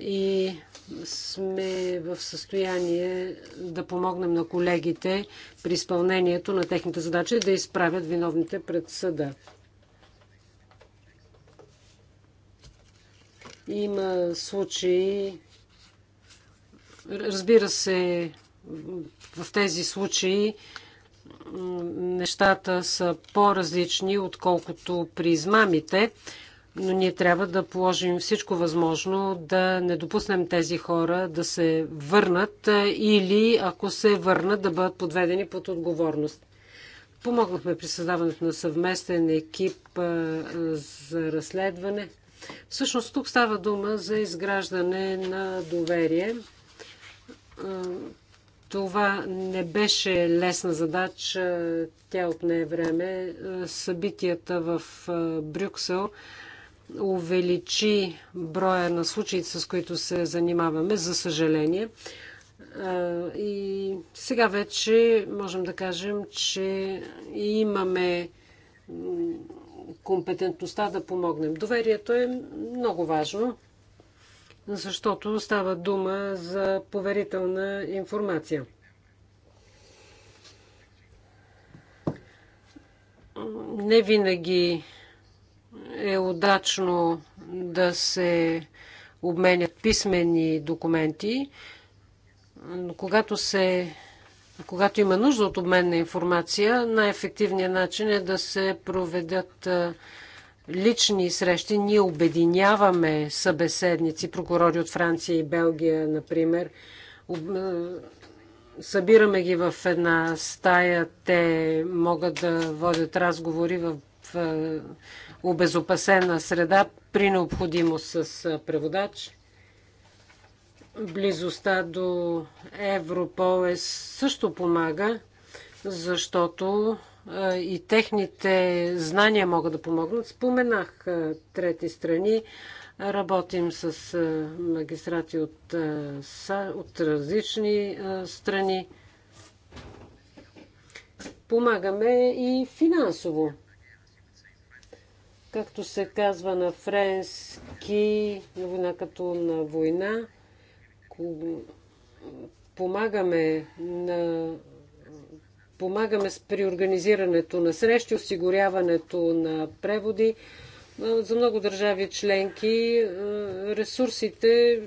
и сме в състояние да помогнем на колегите при изпълнението на техните задачи да изправят виновните пред съда. Има случаи, разбира се, в тези случаи нещата са по-различни, отколкото при измамите но ние трябва да положим всичко възможно да не допуснем тези хора да се върнат или, ако се върнат, да бъдат подведени под отговорност. Помогнахме при създаването на съвместен екип за разследване. Всъщност тук става дума за изграждане на доверие. Това не беше лесна задача, тя отне време. Събитията в Брюксел увеличи броя на случаите, с които се занимаваме, за съжаление. И сега вече можем да кажем, че имаме компетентността да помогнем. Доверието е много важно, защото става дума за поверителна информация. Не винаги е удачно да се обменят писмени документи, но когато, се, когато има нужда от обмен на информация, най-ефективният начин е да се проведат лични срещи. Ние обединяваме събеседници, прокурори от Франция и Белгия, например. Събираме ги в една стая. Те могат да водят разговори в обезопасена среда, при необходимост с преводач. Близостта до Европол е също помага, защото и техните знания могат да помогнат. Споменах трети страни. Работим с магистрати от, от различни страни. Помагаме и финансово както се казва на френски, война като на война. Помагаме, на, помагаме при организирането на срещи, осигуряването на преводи. За много държави членки ресурсите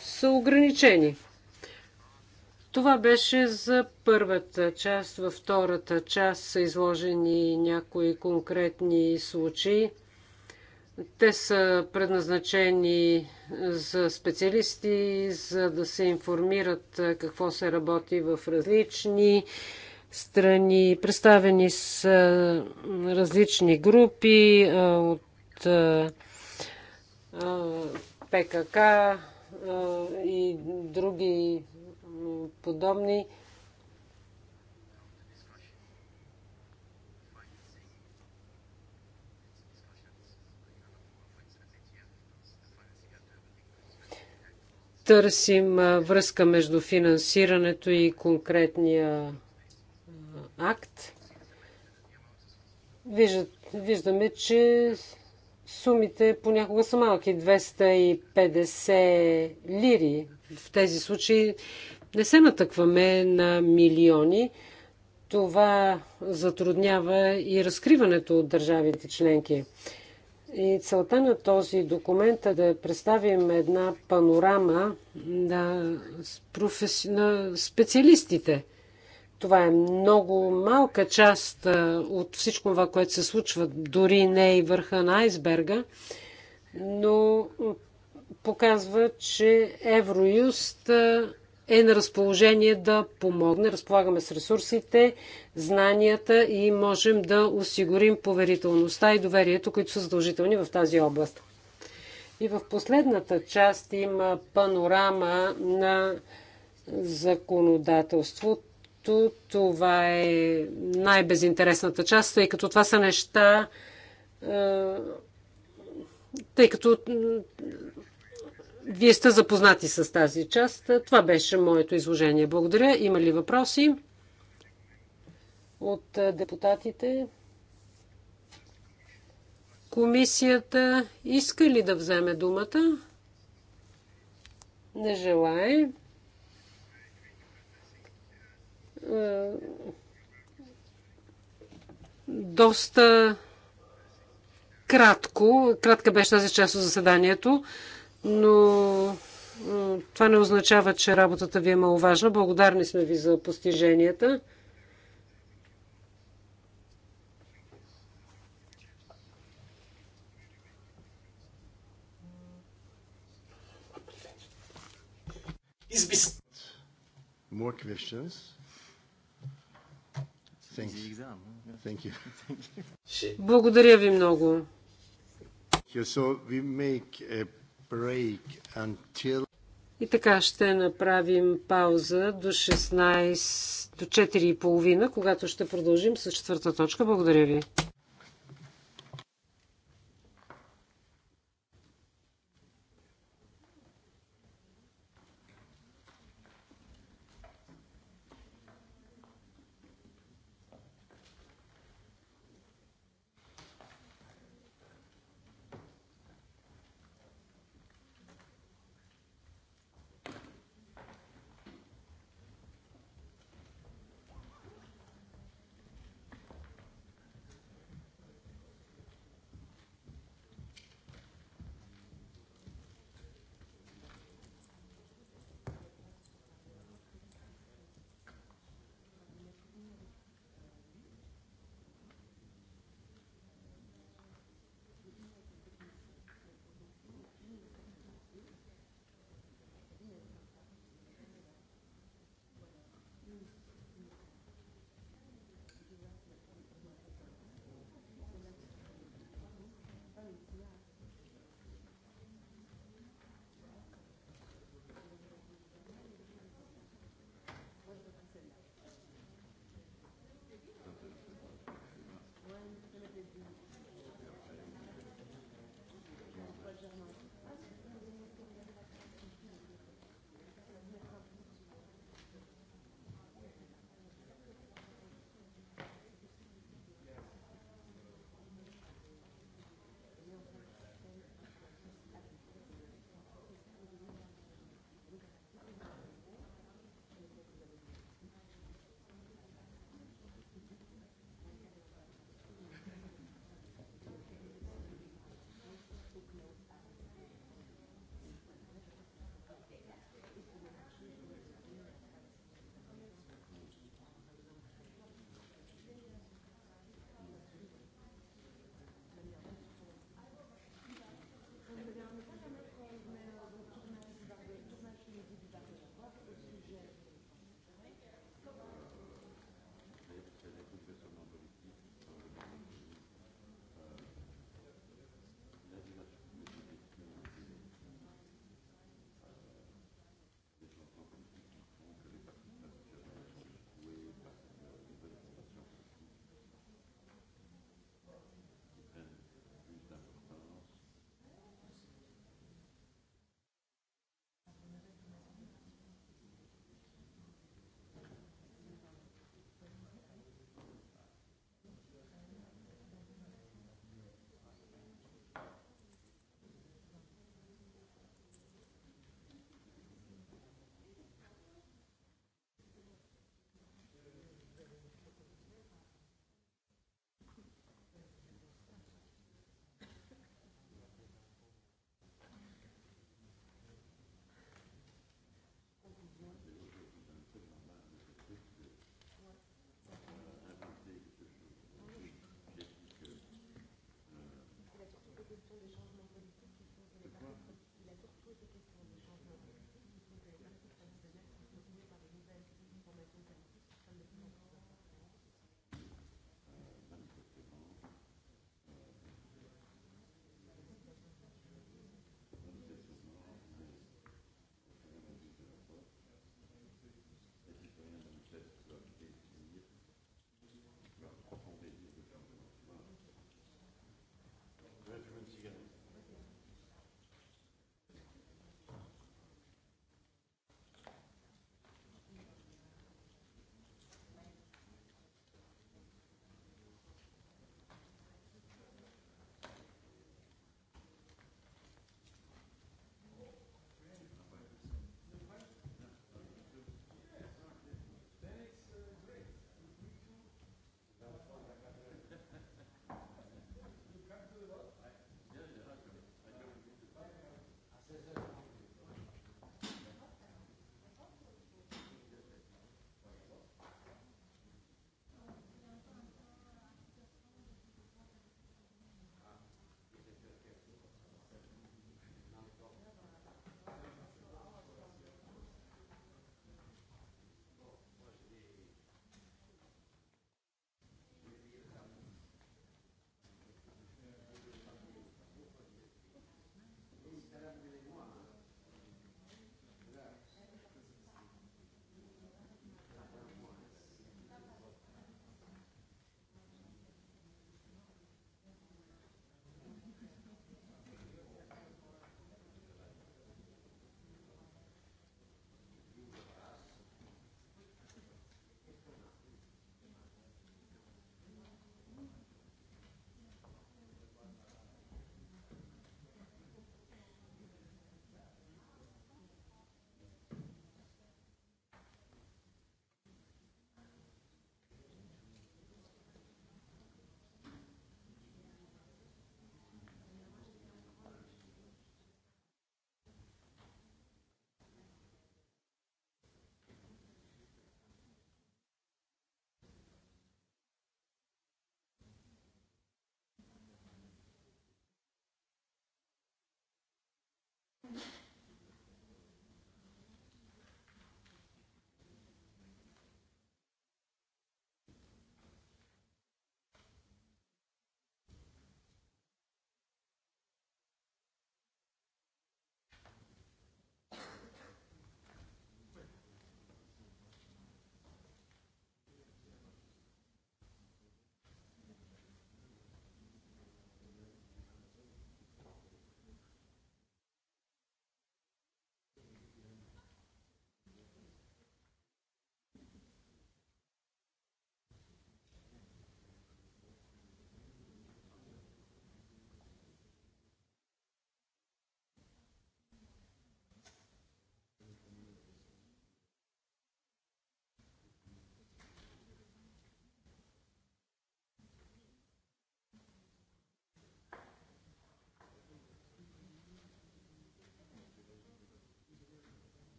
са ограничени. Това беше за първата част. Във втората част са изложени някои конкретни случаи. Те са предназначени за специалисти, за да се информират какво се работи в различни страни. Представени са различни групи от ПКК и други подобни търсим връзка между финансирането и конкретния акт. виждаме, че сумите понякога са малки 250 лири. В тези случаи не се натъкваме на милиони. Това затруднява и разкриването от държавите членки. И целта на този документ е да представим една панорама на, професи... на специалистите. Това е много малка част от всичко това, което се случва, дори не и върха на айсберга, но показва, че Евроюст е на разположение да помогне. Разполагаме с ресурсите, знанията и можем да осигурим поверителността и доверието, които са задължителни в тази област. И в последната част има панорама на законодателството. Това е най-безинтересната част, тъй като това са неща, е, тъй като вие сте запознати с тази част. Това беше моето изложение. Благодаря. Има ли въпроси от е, депутатите? Комисията иска ли да вземе думата? Не желае. Е, доста кратко, кратка беше тази част от заседанието но това не означава, че работата ви е маловажна. Благодарни сме ви за постиженията. More questions? Thanks. Thank you. Благодаря ви много. So we make a и така ще направим пауза до 16, до 4.30, когато ще продължим с четвърта точка. Благодаря ви.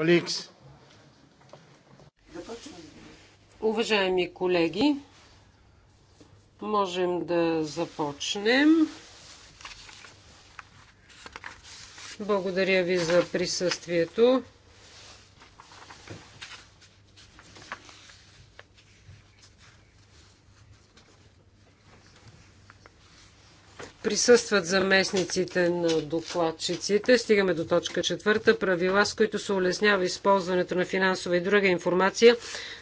Colleagues. Уважаеми колеги, можем да започнем. Благодаря ви за присъствието. присъстват заместниците на докладчиците. Стигаме до точка четвърта. Правила, с които се улеснява използването на финансова и друга информация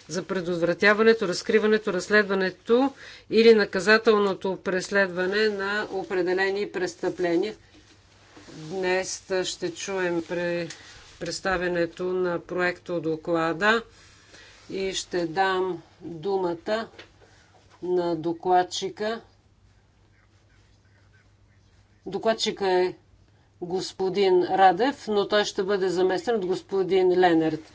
за предотвратяването, разкриването, разследването или наказателното преследване на определени престъпления. Днес ще чуем представенето на проекто доклада и ще дам думата на докладчика Докладчика е господин Радев, но той ще бъде заместен от господин Ленерт.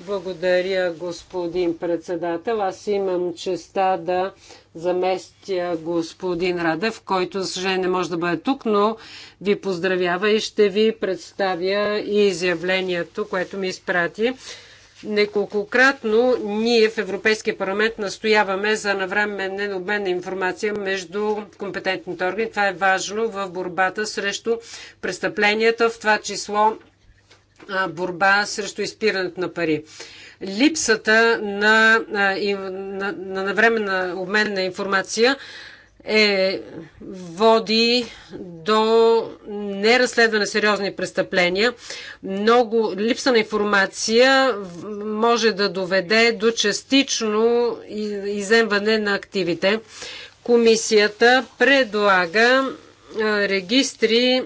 Благодаря, господин председател. Аз имам честа да заместя господин Радев, който, за съжаление, не може да бъде тук, но ви поздравява и ще ви представя и изявлението, което ми изпрати Неколкократно ние в Европейския парламент настояваме за навременен обмен на информация между компетентните органи. Това е важно в борбата срещу престъпленията, в това число борба срещу изпирането на пари. Липсата на, на, на навременна обмен на информация е, води до неразследване сериозни престъпления. Много липса на информация може да доведе до частично иземване на активите. Комисията предлага регистри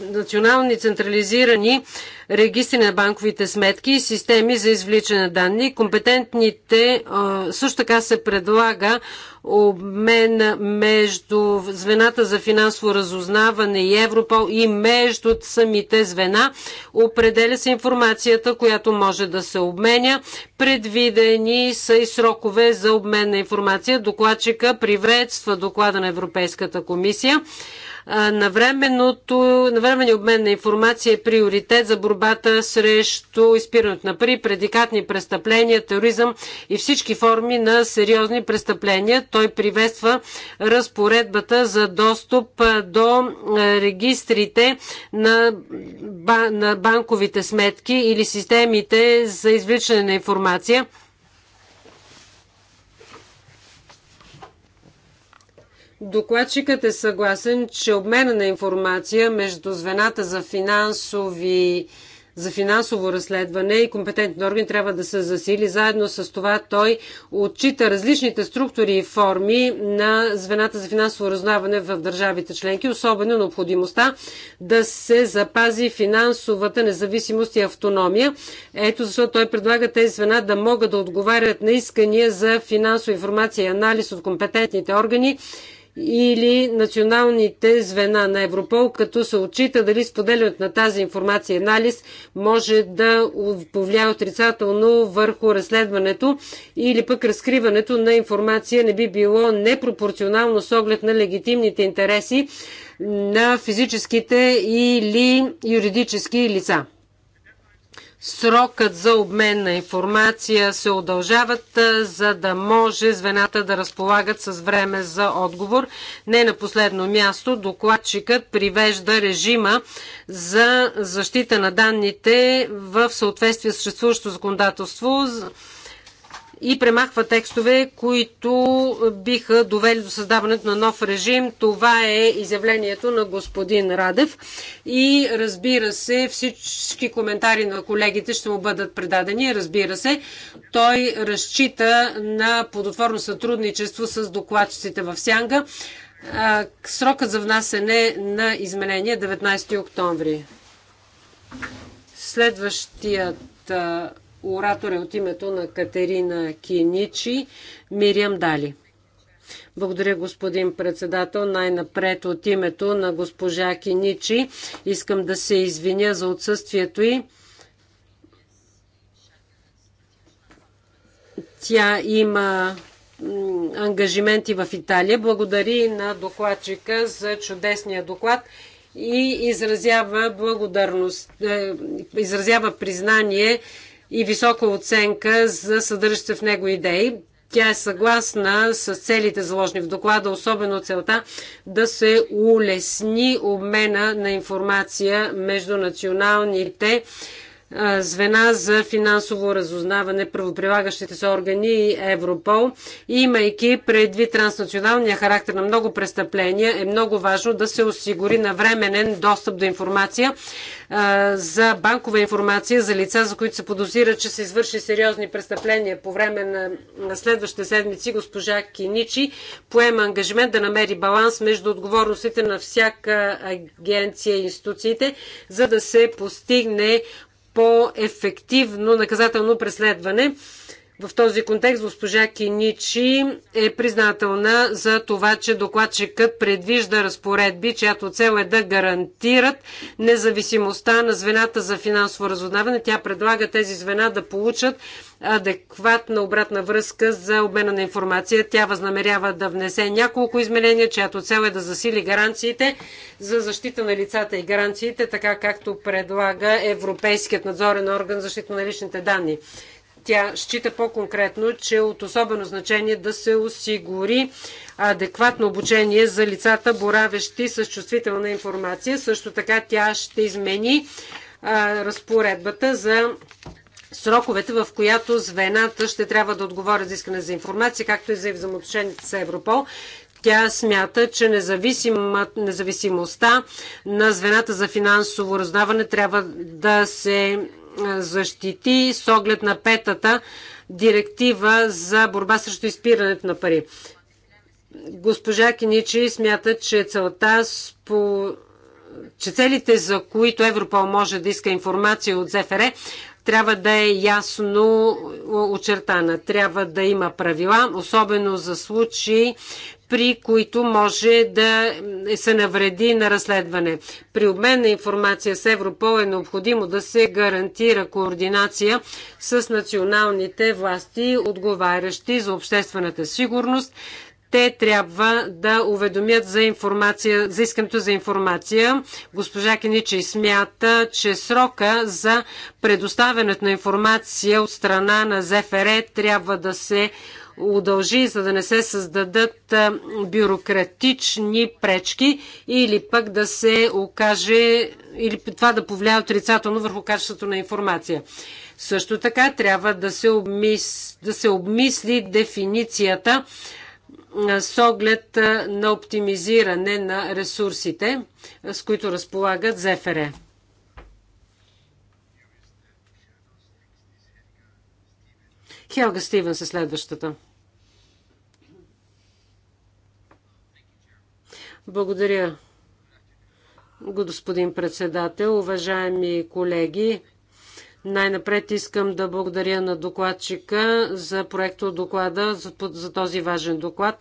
национални централизирани регистри на банковите сметки и системи за извличане на данни. Компетентните също така се предлага обмен между звената за финансово разузнаване и Европол и между самите звена. Определя се информацията, която може да се обменя. Предвидени са и срокове за обмен на информация. Докладчика приветства доклада на Европейската комисия навременния обмен на информация е приоритет за борбата срещу изпирането на пари, предикатни престъпления, тероризъм и всички форми на сериозни престъпления. Той приветства разпоредбата за достъп до регистрите на, банковите сметки или системите за извличане на информация. Докладчикът е съгласен, че обмена на информация между звената за, финансови, за финансово разследване и компетентни органи трябва да се засили. Заедно с това той отчита различните структури и форми на звената за финансово разнаване в държавите членки, особено необходимостта да се запази финансовата независимост и автономия. Ето защо той предлага тези звена да могат да отговарят на искания за финансова информация и анализ от компетентните органи или националните звена на Европол, като се отчита дали споделянето на тази информация и анализ може да повлияе отрицателно върху разследването или пък разкриването на информация не би било непропорционално с оглед на легитимните интереси на физическите или юридически лица. Срокът за обмен на информация се удължават, за да може звената да разполагат с време за отговор. Не на последно място, докладчикът привежда режима за защита на данните в съответствие с съществуващото законодателство и премахва текстове, които биха довели до създаването на нов режим. Това е изявлението на господин Радев и разбира се всички коментари на колегите ще му бъдат предадени. Разбира се, той разчита на плодотворно сътрудничество с докладчиците в Сянга. Срокът за внасене на изменения 19 е октомври. Следващият оратор е от името на Катерина Киничи, Мириам Дали. Благодаря, господин председател. Най-напред от името на госпожа Киничи искам да се извиня за отсъствието й. Тя има ангажименти в Италия. Благодари на докладчика за чудесния доклад и изразява благодарност, е, изразява признание и висока оценка за съдържащите в него идеи. Тя е съгласна с целите заложени в доклада, особено целта да се улесни обмена на информация между националните звена за финансово разузнаване, правоприлагащите се органи и Европол. Имайки предвид транснационалния характер на много престъпления, е много важно да се осигури навременен достъп до информация за банкова информация за лица, за които се подозира, че са извърши сериозни престъпления по време на следващите седмици. Госпожа Киничи поема ангажимент да намери баланс между отговорностите на всяка агенция и институциите, за да се постигне по-ефективно наказателно преследване в този контекст госпожа Киничи е признателна за това, че докладчикът предвижда разпоредби, чиято цел е да гарантират независимостта на звената за финансово разузнаване. Тя предлага тези звена да получат адекватна обратна връзка за обмена на информация. Тя възнамерява да внесе няколко изменения, чиято цел е да засили гаранциите за защита на лицата и гаранциите, така както предлага Европейският надзорен орган за защита на личните данни. Тя счита по-конкретно, че е от особено значение да се осигури адекватно обучение за лицата, боравещи с чувствителна информация. Също така тя ще измени разпоредбата за сроковете, в която звената ще трябва да отговорят за искане за информация, както и за взаимоотношенията с Европол. Тя смята, че независимостта на звената за финансово раздаване трябва да се е, защити с оглед на петата директива за борба срещу изпирането на пари. Госпожа Киничи смята, че целта спо... че целите, за които Европол може да иска информация от ЗФР, е, трябва да е ясно очертана. Трябва да има правила, особено за случаи, при които може да се навреди на разследване. При обмен на информация с Европол е необходимо да се гарантира координация с националните власти, отговарящи за обществената сигурност. Те трябва да уведомят за информация, за искането за информация. Госпожа Кеничи смята, че срока за предоставянето на информация от страна на ЗФР е трябва да се удължи, за да не се създадат бюрократични пречки или пък да се окаже или това да повлияе отрицателно върху качеството на информация. Също така трябва да се, обмис, да се обмисли дефиницията с оглед на оптимизиране на ресурсите, с които разполагат ЗФР. Хелга Стивен се следващата. Благодаря, господин председател, уважаеми колеги. Най-напред искам да благодаря на докладчика за проекто доклада, за, за този важен доклад.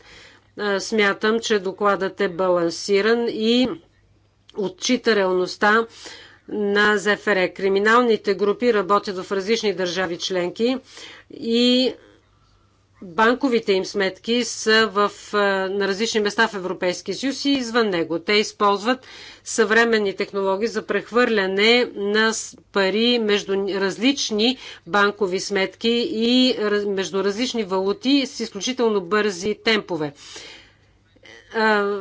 Смятам, че докладът е балансиран и отчита реалността на ЗФР. Криминалните групи работят в различни държави членки и банковите им сметки са в, на различни места в Европейския съюз и извън него. Те използват съвременни технологии за прехвърляне на пари между различни банкови сметки и между различни валути с изключително бързи темпове.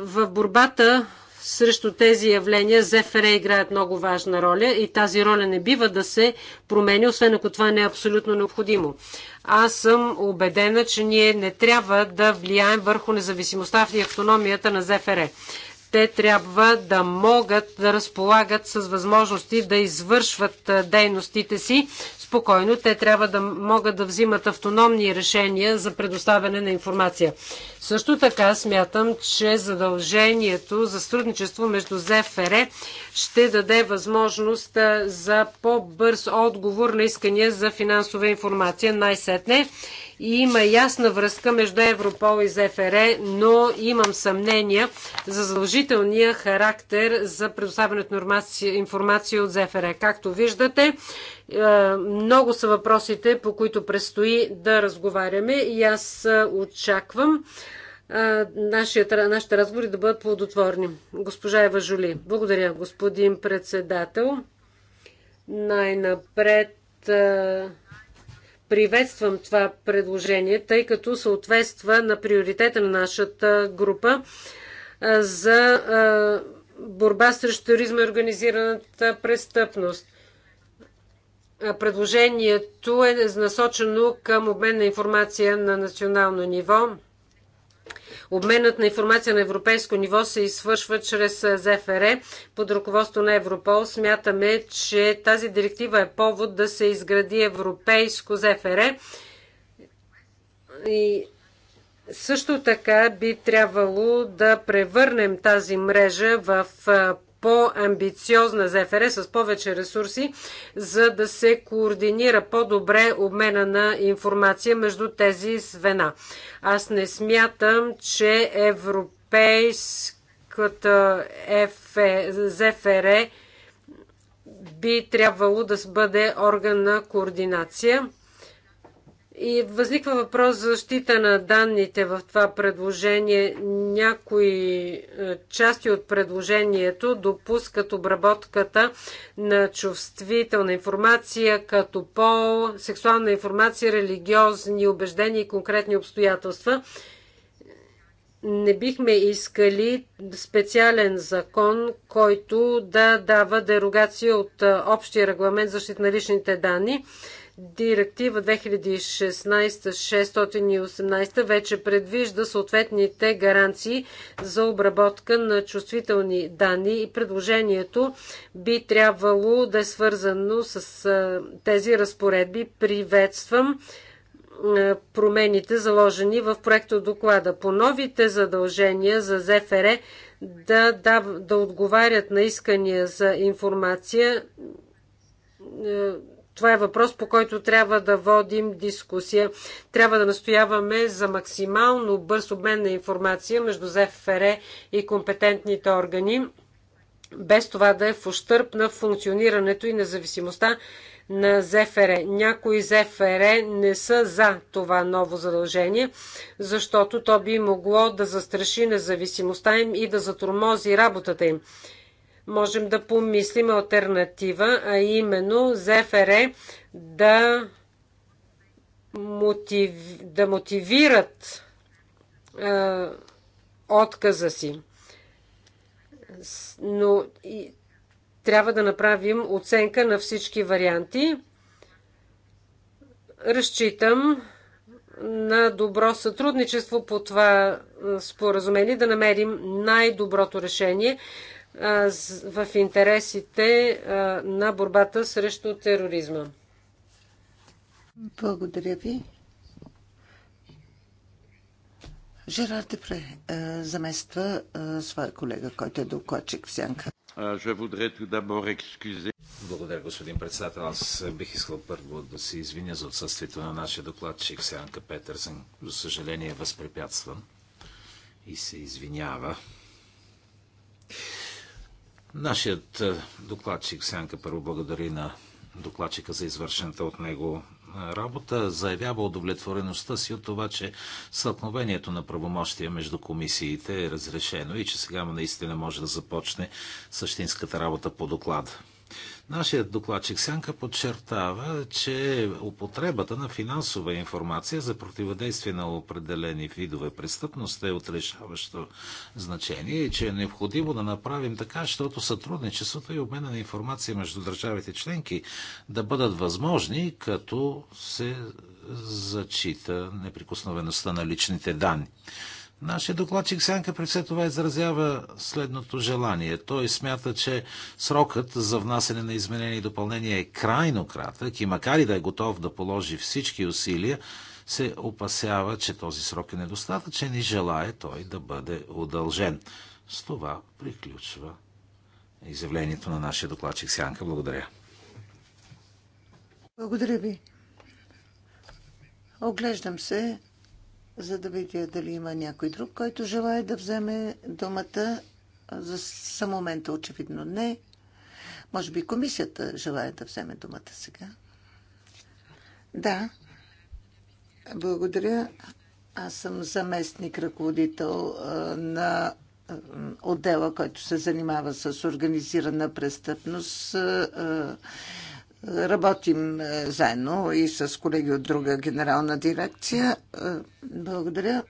В борбата срещу тези явления ЗФР играят много важна роля и тази роля не бива да се променя, освен ако това не е абсолютно необходимо. Аз съм убедена, че ние не трябва да влияем върху независимостта и автономията на ЗФР. Те трябва да могат да разполагат с възможности да извършват дейностите си спокойно. Те трябва да могат да взимат автономни решения за предоставяне на информация. Също така смятам, че задължението за сътрудничество между ЗФР ще даде възможност за по-бърз отговор на искания за финансова информация най-сетне. И има ясна връзка между Европол и ЗФР, но имам съмнения за задължителния характер за предоставянето на информация от ЗФР. Както виждате, е, много са въпросите, по които предстои да разговаряме и аз е, очаквам е, нашите, нашите разговори да бъдат плодотворни. Госпожа Ева Жули. Благодаря, господин председател. Най-напред приветствам това предложение, тъй като съответства на приоритета на нашата група за борба срещу туризма и организираната престъпност. Е, предложението е насочено към обмен на информация на национално ниво. Обменът на информация на европейско ниво се извършва чрез е, ЗФР под ръководство на Европол. Смятаме, че тази директива е повод да се изгради европейско ЗФР. И също така би трябвало да превърнем тази мрежа в е, по-амбициозна ЗФР с повече ресурси, за да се координира по-добре обмена на информация между тези звена. Аз не смятам, че европейската е, ЗФР би трябвало да бъде орган на координация. И възниква въпрос за защита на данните в това предложение. Някои е, части от предложението допускат обработката на чувствителна информация, като пол, сексуална информация, религиозни убеждения и конкретни обстоятелства. Не бихме искали специален закон, който да дава дерогация от е, общия регламент за защита на личните данни Директива 2016-618 вече предвижда съответните гаранции за обработка на чувствителни данни и предложението би трябвало да е свързано с тези разпоредби. Приветствам промените, заложени в проекта доклада. По новите задължения за ЗФР да, да, да отговарят на искания за информация това е въпрос, по който трябва да водим дискусия. Трябва да настояваме за максимално бърз обмен на информация между ЗФР и компетентните органи, без това да е в ущърп на функционирането и независимостта на ЗФР. Някои ЗФР не са за това ново задължение, защото то би могло да застраши независимостта им и да затормози работата им можем да помислим альтернатива, а именно ЗФР да, мотив, да мотивират а, отказа си. Но и, трябва да направим оценка на всички варианти. Разчитам на добро сътрудничество по това споразумение, да намерим най-доброто решение в интересите на борбата срещу тероризма. Благодаря ви. Жерар Депре замества своя колега, който е докладчик в Сянка. Благодаря, господин председател. Аз бих искал първо да се извиня за отсъствието на нашия докладчик Сянка Петерсен. За съжаление, възпрепятстван и се извинява. Нашият е, докладчик Сянка първо благодари на докладчика за извършената от него е, работа, заявява удовлетвореността си от това, че съкновението на правомощия между комисиите е разрешено и че сега наистина може да започне същинската работа по доклада. Нашият докладчик Сянка подчертава, че употребата на финансова информация за противодействие на определени видове престъпност е отрешаващо значение и че е необходимо да направим така, защото сътрудничеството и обмена на информация между държавите членки да бъдат възможни, като се зачита неприкосновеността на личните данни. Нашия докладчик Сянка при все това изразява следното желание. Той смята, че срокът за внасене на изменения и допълнения е крайно кратък и макар и да е готов да положи всички усилия, се опасява, че този срок е недостатъчен и желая той да бъде удължен. С това приключва изявлението на нашия докладчик Сянка. Благодаря. Благодаря ви. Оглеждам се за да видя дали има някой друг, който желая да вземе думата. За, за момента очевидно не. Може би комисията желая да вземе думата сега. Да. Благодаря. Аз съм заместник ръководител на отдела, който се занимава с организирана престъпност Работим е, заедно и с колеги от друга генерална дирекция. Е, благодаря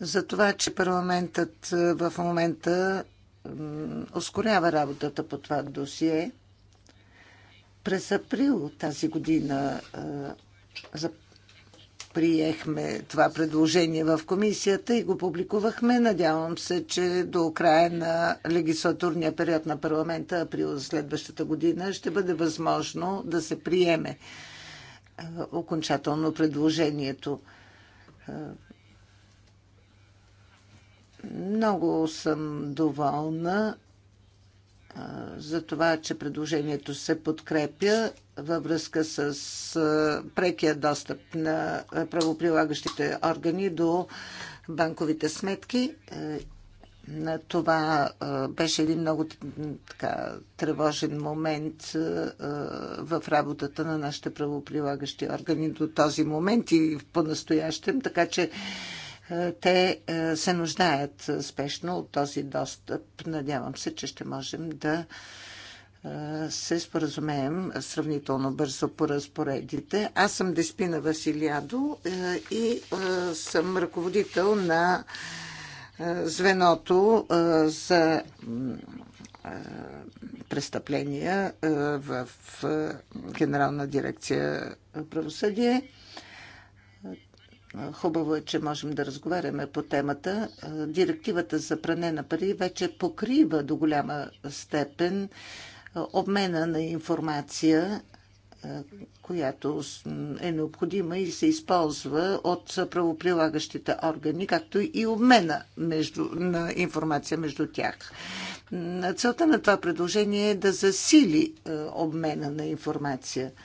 за това, че парламентът е, в момента ускорява работата по това досие. През април тази година приехме това предложение в комисията и го публикувахме. Надявам се, че до края на легислатурния период на парламента, април следващата година, ще бъде възможно да се приеме е, окончателно предложението. Е, много съм доволна е, за това, че предложението се подкрепя във връзка с прекия достъп на правоприлагащите органи до банковите сметки. Е, това беше един много така, тревожен момент в работата на нашите правоприлагащи органи до този момент и по-настоящем, така че те се нуждаят спешно от този достъп. Надявам се, че ще можем да се споразумеем сравнително бързо по разпоредите. Аз съм Деспина Василиадо и съм ръководител на звеното за престъпления в Генерална дирекция правосъдие. Хубаво е, че можем да разговаряме по темата. Директивата за пране на пари вече покрива до голяма степен обмена на информация, която е необходима и се използва от правоприлагащите органи, както и обмена между, на информация между тях. Целта на това предложение е да засили обмена на информация –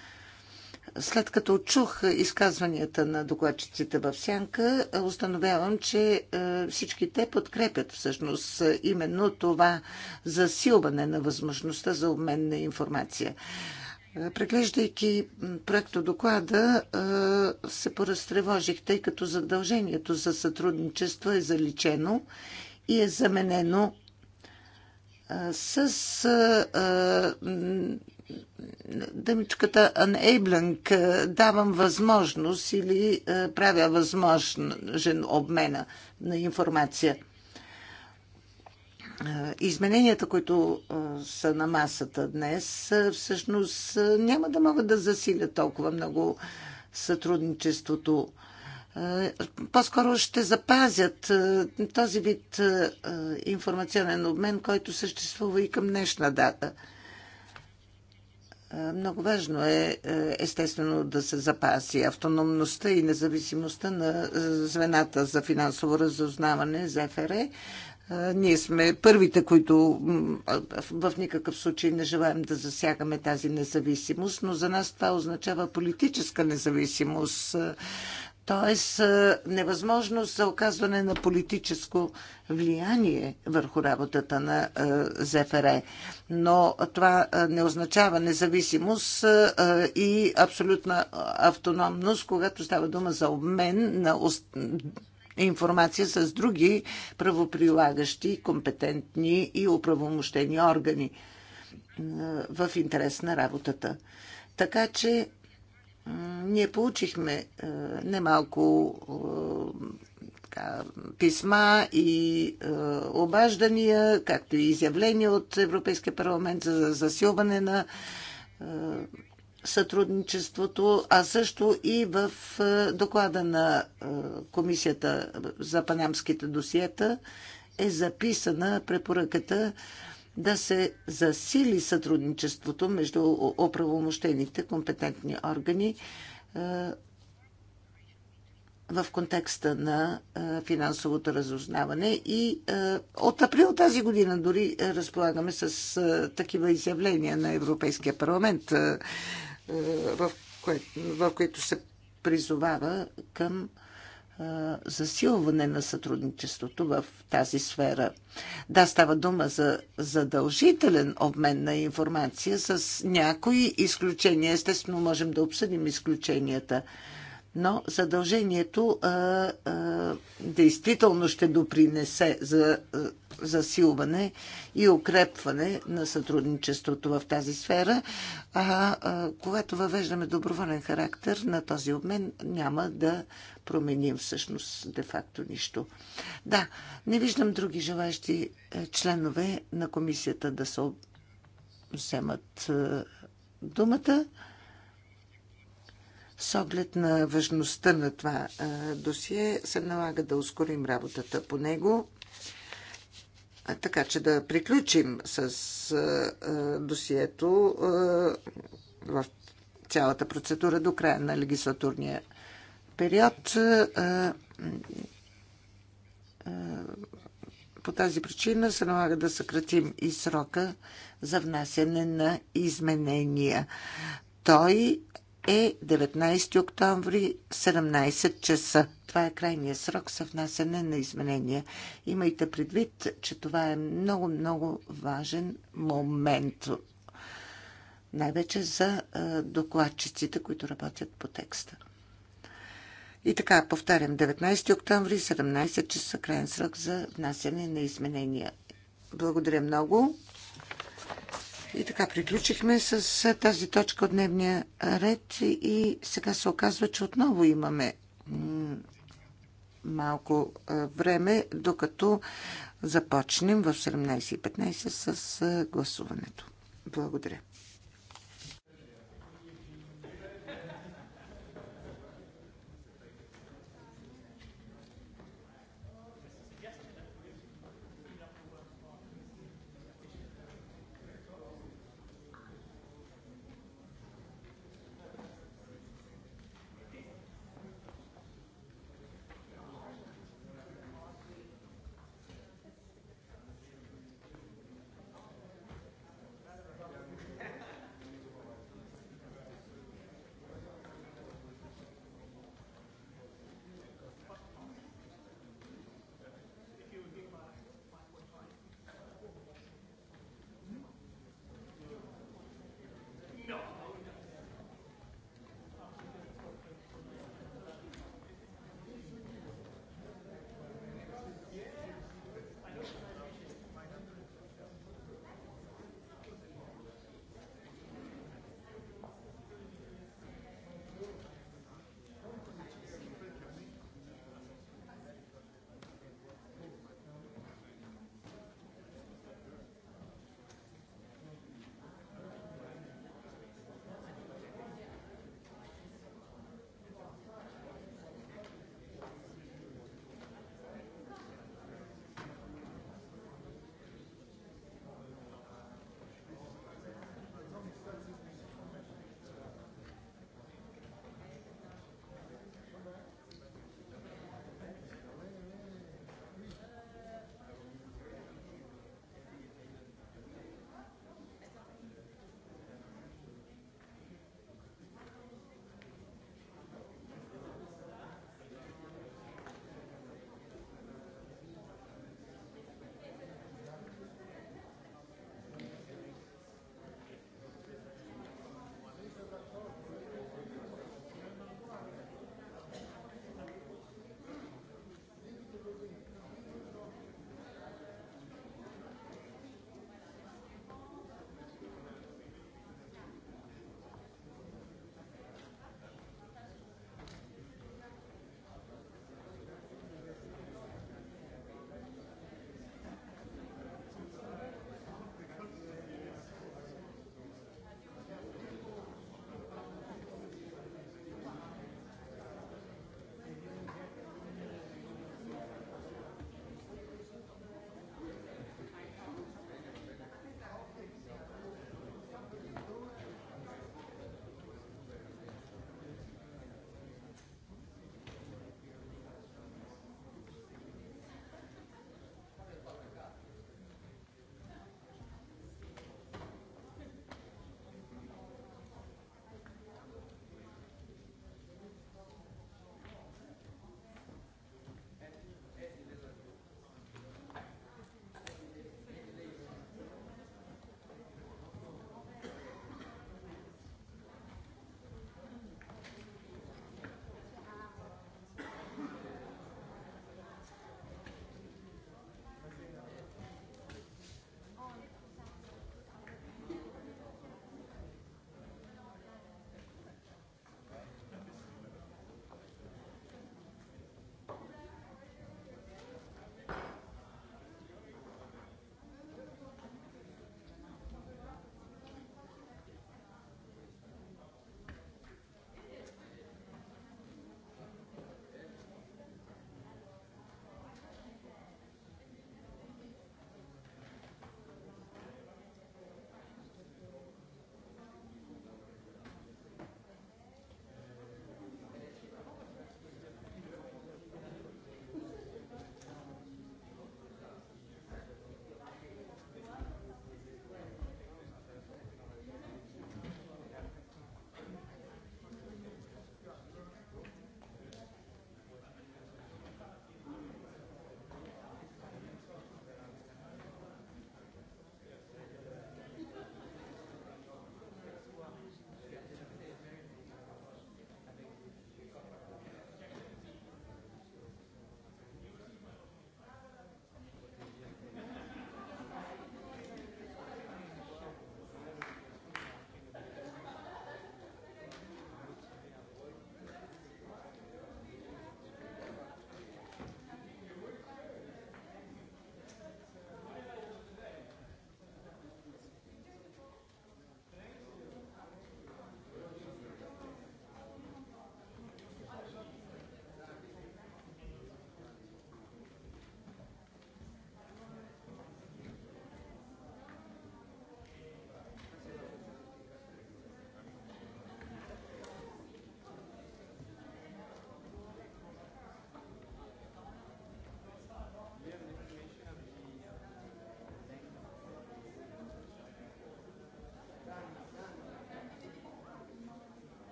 след като чух изказванията на докладчиците в Сянка, установявам, че е, всички те подкрепят всъщност е, именно това засилване на възможността за обмен на информация. Е, преглеждайки проекто доклада, се поразтревожих, тъй като задължението за сътрудничество е заличено и е заменено с Дъмичката enabling е, давам възможност или е, правя възможен обмена на информация. Е, измененията, които са на масата днес, всъщност няма да могат да засилят толкова много сътрудничеството. По-скоро ще запазят този вид информационен обмен, който съществува и към днешна дата – много важно е, е, естествено, да се запаси автономността и независимостта на е, звената за финансово разузнаване, ФРЕ. Ние сме първите, които в никакъв случай не желаем да засягаме тази независимост, но за нас това означава политическа независимост, Тоест е, невъзможност за оказване на политическо влияние върху работата на е, ЗФР. Но това е, не означава независимост и абсолютна автономност, когато става дума за обмен на информация с други правоприлагащи, компетентни и управомощени органи в интерес на работата. Така че ние получихме е, немалко така, писма и обаждания, както и изявления от Европейския парламент за засилване на сътрудничеството, а също и в доклада на Комисията за панамските досиета е записана препоръката да се засили сътрудничеството между оправомощените компетентни органи е, в контекста на е, финансовото разузнаване. И е, от април тази година дори разполагаме с такива изявления на Европейския парламент, в, които се призовава към засилване на сътрудничеството в тази сфера. Да, става дума за задължителен обмен на информация с някои изключения. Естествено, можем да обсъдим изключенията, но задължението а, а, действително ще допринесе за а, засилване и укрепване на сътрудничеството в тази сфера, а, а когато въвеждаме доброволен характер на този обмен, няма да променим всъщност де-факто нищо. Да, не виждам други желащи е, членове на комисията да се вземат е, думата. С оглед на важността на това е, досие се налага да ускорим работата по него така че да приключим с а, досието а, в цялата процедура до края на легислатурния период. По тази причина се налага да съкратим и срока за внасяне на изменения. Той е 19 октомври 17 часа. Това е крайния срок за внасяне на изменения. Имайте предвид, че това е много, много важен момент. Най-вече за докладчиците, които работят по текста. И така, повтарям, 19 октомври, 17 часа, крайен срок за внасяне на изменения. Благодаря много. И така, приключихме с тази точка от дневния ред и сега се оказва, че отново имаме малко време, докато започнем в 17.15 с гласуването. Благодаря.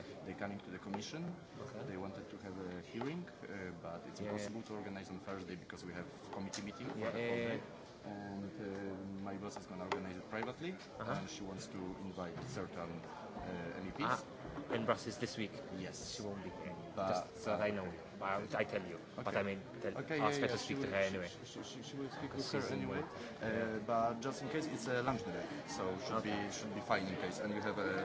Okay. They're coming to the commission. Okay. They wanted to have a hearing, uh, but it's impossible to organize on Thursday because we have committee meeting for the whole day. And uh, my boss is going to organize it privately, uh-huh. and she wants to invite certain uh, MEPs. Ah, in Brussels this week? Yes. She won't be here. But, Just so that I know. But I tell you. Okay. But I mean, tell, okay, ask yeah, her yeah, to speak to her anyway. She, she, she will speak with her anyway. Uh, but just in case, it's a lunch today. so should be should be fine in case. And you have a.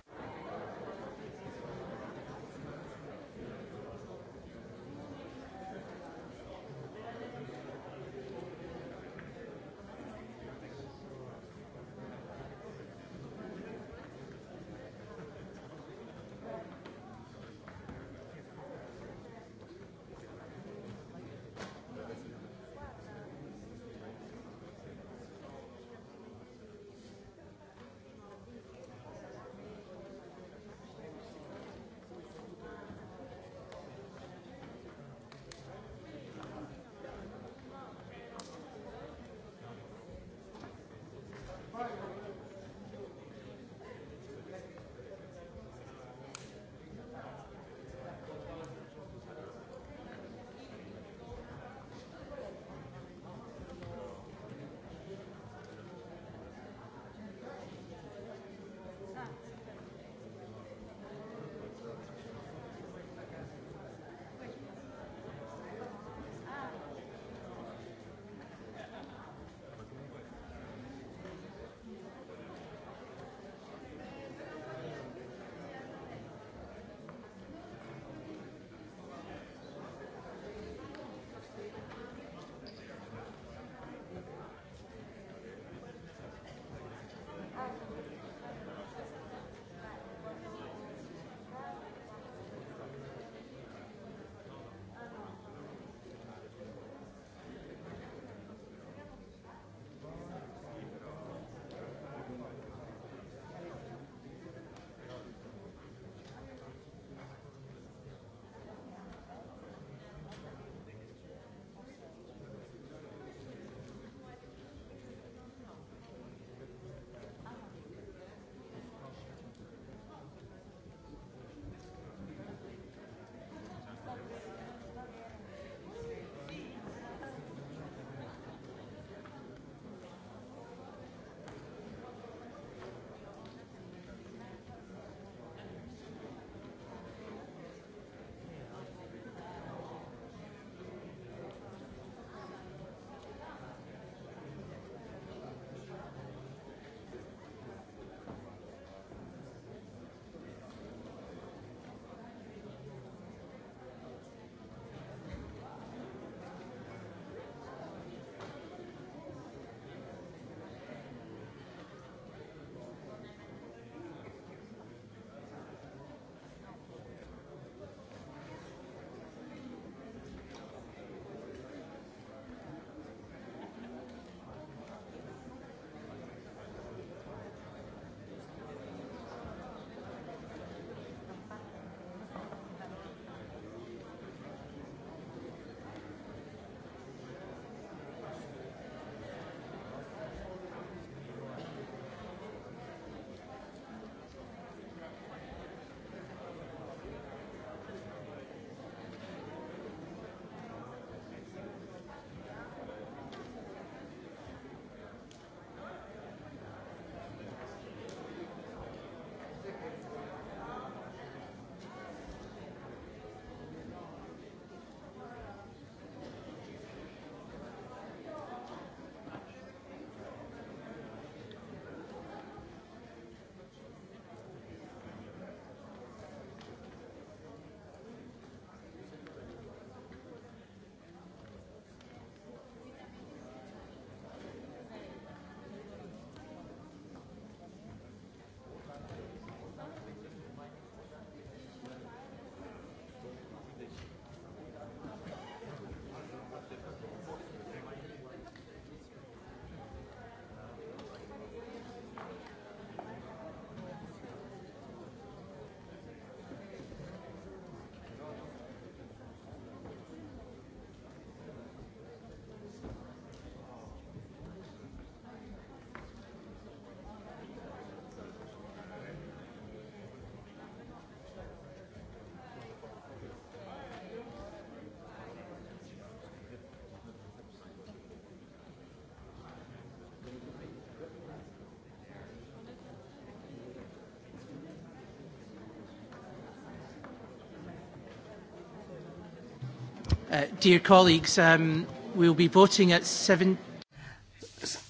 Uh, um,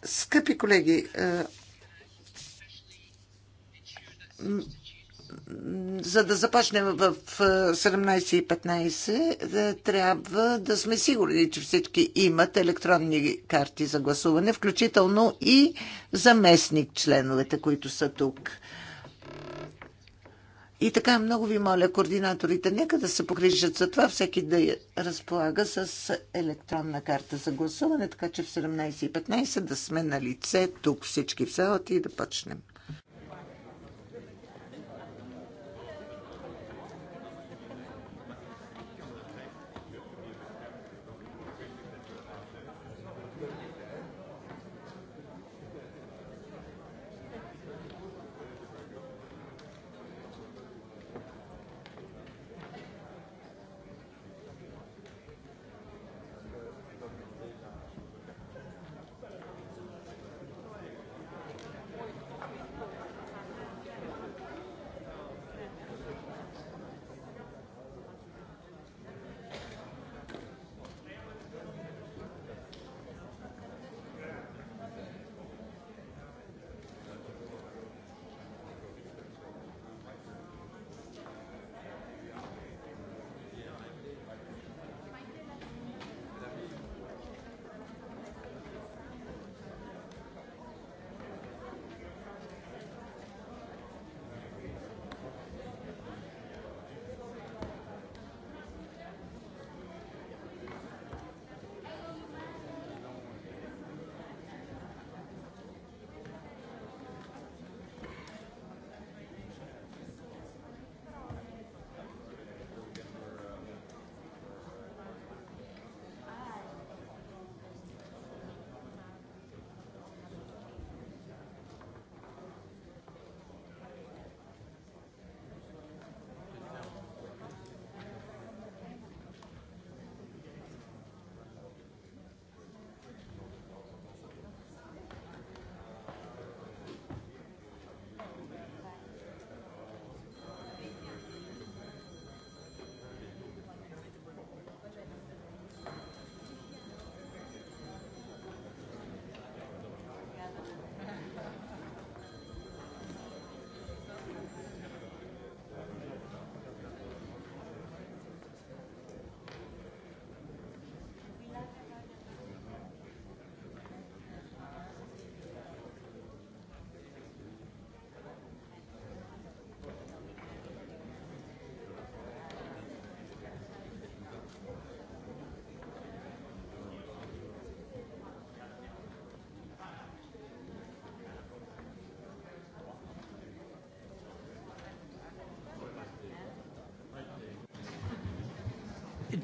Скъпи колеги, е, за да започнем в 17.15, е, е, трябва да сме сигурни, че всички имат електронни карти за гласуване, включително и заместник членовете, които са тук. И така, много ви моля, координаторите, нека да се погрижат за това, всеки да разполага с електронна карта за гласуване, така че в 17.15 да сме на лице тук всички в залата и да почнем.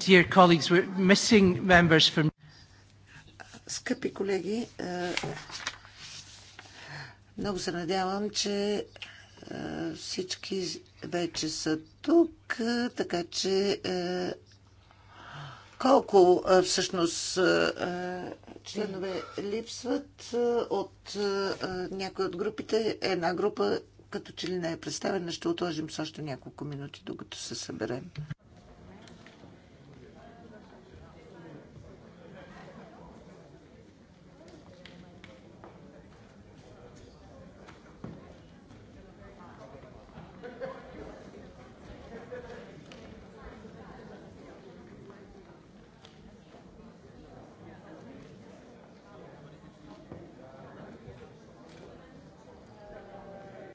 Dear colleagues, we're missing members from... Скъпи колеги, е, много се надявам, че е, всички вече са тук, е, така че колко всъщност членове липсват от някои от групите. Една група като че ли не е представена, ще отложим с още няколко минути, докато се съберем.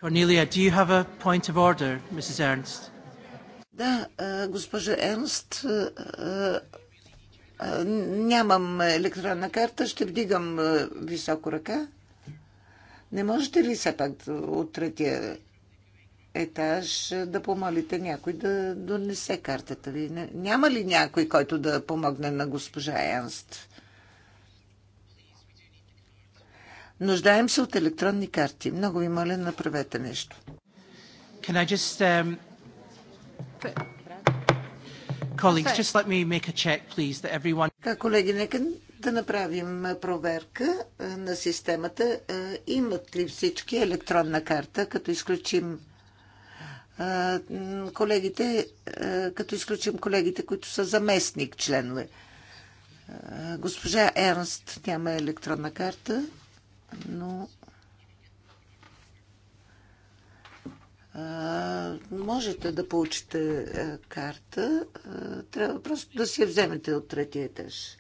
Cornelia, do you have a point of order, Mrs. Ernst? Да, госпожа Ернст, нямам електронна карта, ще вдигам високо ръка. Не можете ли все пак от третия етаж да помолите някой да донесе картата ви? Няма ли някой, който да помогне на госпожа Янст? Нуждаем се от електронни карти. Много ви моля, направете нещо. Can I just, um... Colleagues, just let me make a check, please, that everyone... колеги, нека да направим проверка на системата. Имат ли всички електронна карта, като изключим колегите, като изключим колегите, които са заместник членове. Госпожа Ернст няма електронна карта но можете да получите карта. трябва просто да си я вземете от третия етаж.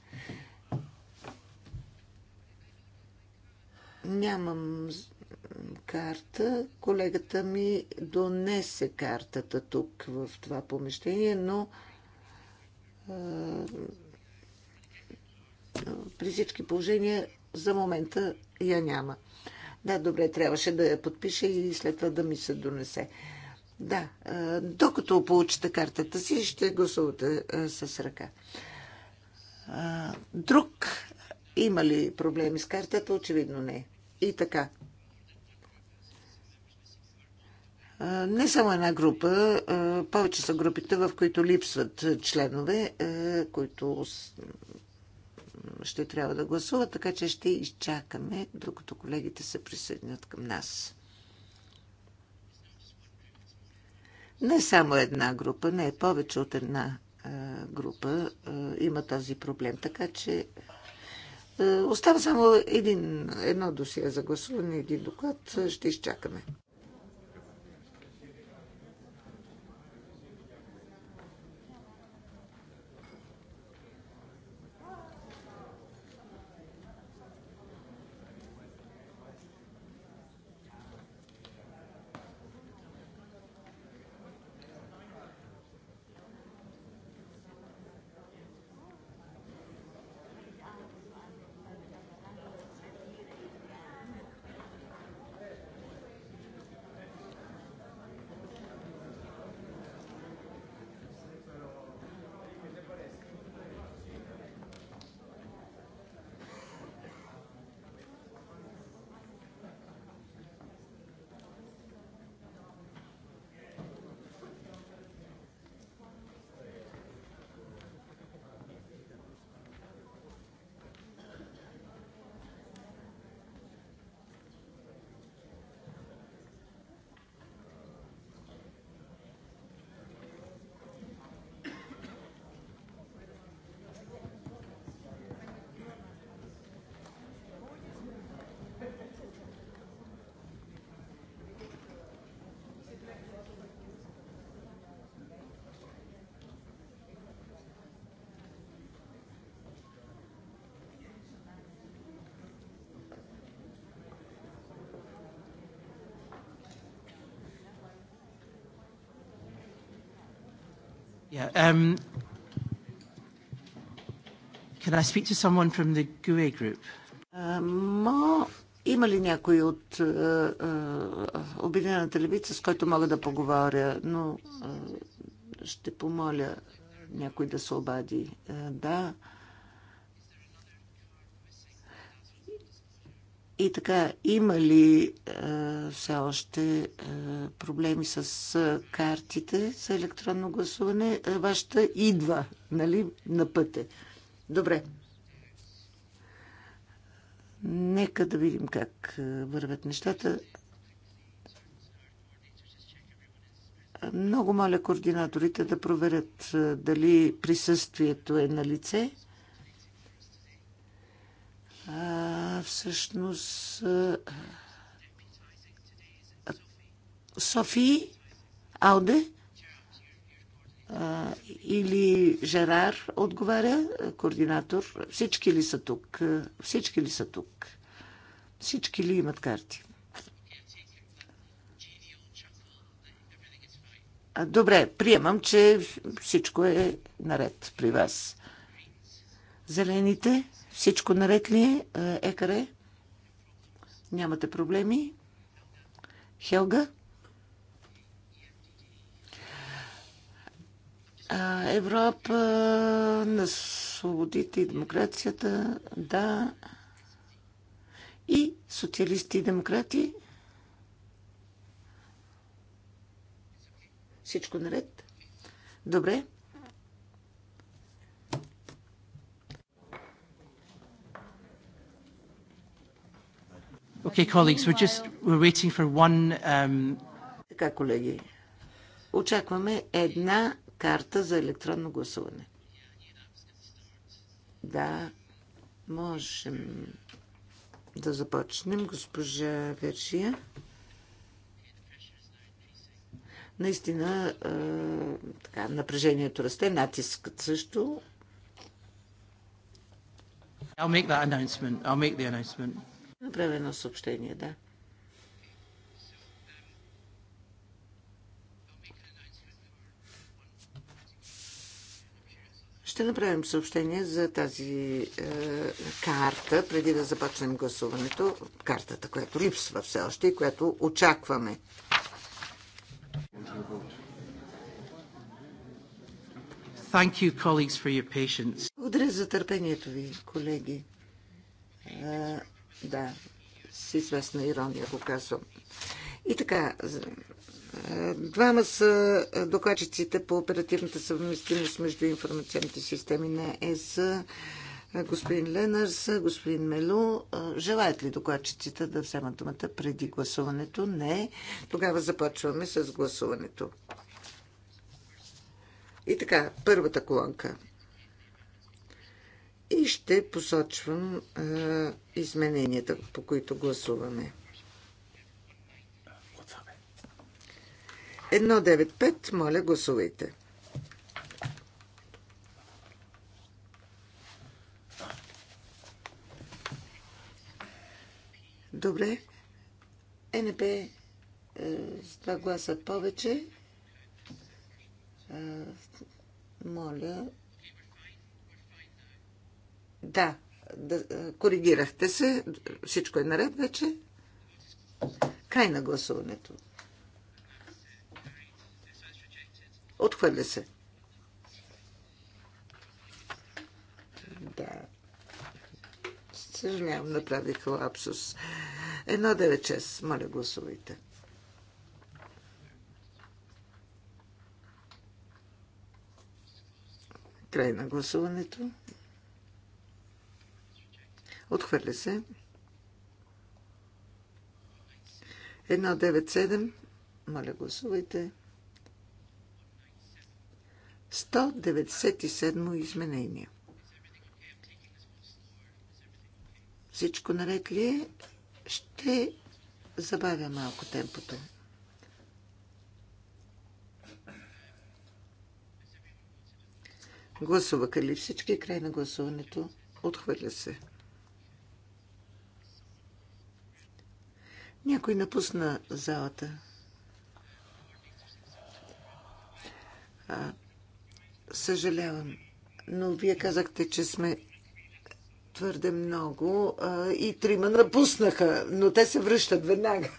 Нямам карта. Колегата ми донесе картата тук в това помещение, но при всички положения за момента я няма. Да, добре, трябваше да я подпиша и след това да ми се донесе. Да, докато получите картата си, ще гласувате с ръка. Друг има ли проблеми с картата? Очевидно не. И така. Не само една група, повече са групите, в които липсват членове, които ще трябва да гласуват, така че ще изчакаме, докато колегите се присъединят към нас. Не само една група, не е повече от една група има този проблем. Така че остава само един, едно досие за гласуване, един доклад. Ще изчакаме. Um, can I speak to someone from the GUE group? Uh, има ли някой от е, е, Обединената левица, с който мога да поговоря? Но е, ще помоля някой да се обади. да. И така, има ли а, все още а, проблеми с а, картите за електронно гласуване? А, вашата идва, нали, на пътя. Добре. Нека да видим как вървят нещата. Много моля координаторите да проверят дали присъствието е на лице а, всъщност а, Софи Алде а, или Жерар отговаря, координатор. Всички ли са тук? Всички ли са тук? Всички ли имат карти? Добре, приемам, че всичко е наред при вас. Зелените? Всичко наред ли е, е? Екаре? Нямате проблеми? Хелга? Европа на свободите и демокрацията, да. И социалисти и демократи. Всичко наред? Добре. Okay, colleagues, we're just we're waiting for one. Um... Така, колеги, очакваме една карта за електронно гласуване. Да, можем да започнем, госпожа Вершия. Наистина, е, така, напрежението расте, натискът също. I'll make that announcement. I'll make the announcement. Направя едно съобщение, да. Ще направим съобщение за тази е, карта, преди да започнем гласуването. Картата, която липсва все още и която очакваме. Thank you, colleagues, for your patience. Благодаря за търпението ви, колеги. Е, да, с известна ирония го казвам. И така, двама са докладчиците по оперативната съвместимост между информационните системи на ЕС, господин Ленърс, господин Мелу. Желаят ли докладчиците да вземат думата преди гласуването? Не. Тогава започваме с гласуването. И така, първата колонка и ще посочвам а, измененията, по които гласуваме. 195, моля, гласувайте. Добре. Е, НП е, с два гласа повече. Е, моля, да, да, е, коригирахте се. Всичко е наред вече. Край на гласуването. Отхвърля се. Да. Съжалявам, направих лапсус. 196. Моля, гласувайте. Край на гласуването. Отхвърля се. 197. Моля, гласувайте. 197 изменение. Всичко наред ли е? Ще забавя малко темпото. Гласуваха ли всички? Край на гласуването. Отхвърля се. Някой напусна залата. А, съжалявам, но вие казахте, че сме твърде много а, и трима напуснаха, но те се връщат веднага.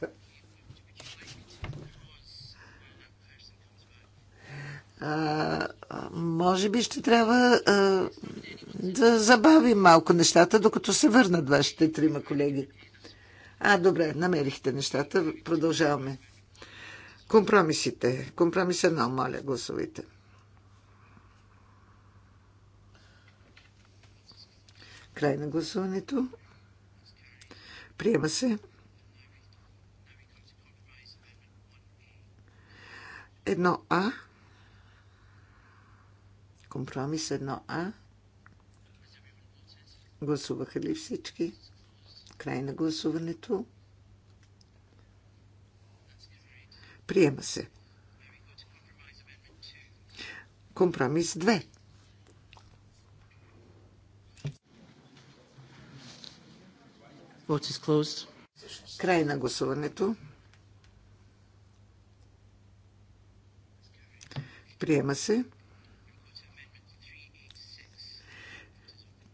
А, може би ще трябва а, да забавим малко нещата, докато се върнат вашите трима колеги. А, добре, намерихте нещата. Продължаваме. Компромисите. Компромис едно, моля, гласовите. Край на гласуването. Приема се. Едно А. Компромис едно А. Гласуваха ли всички? Край на гласуването. Приема се. Компромис 2. Край на гласуването. Приема се.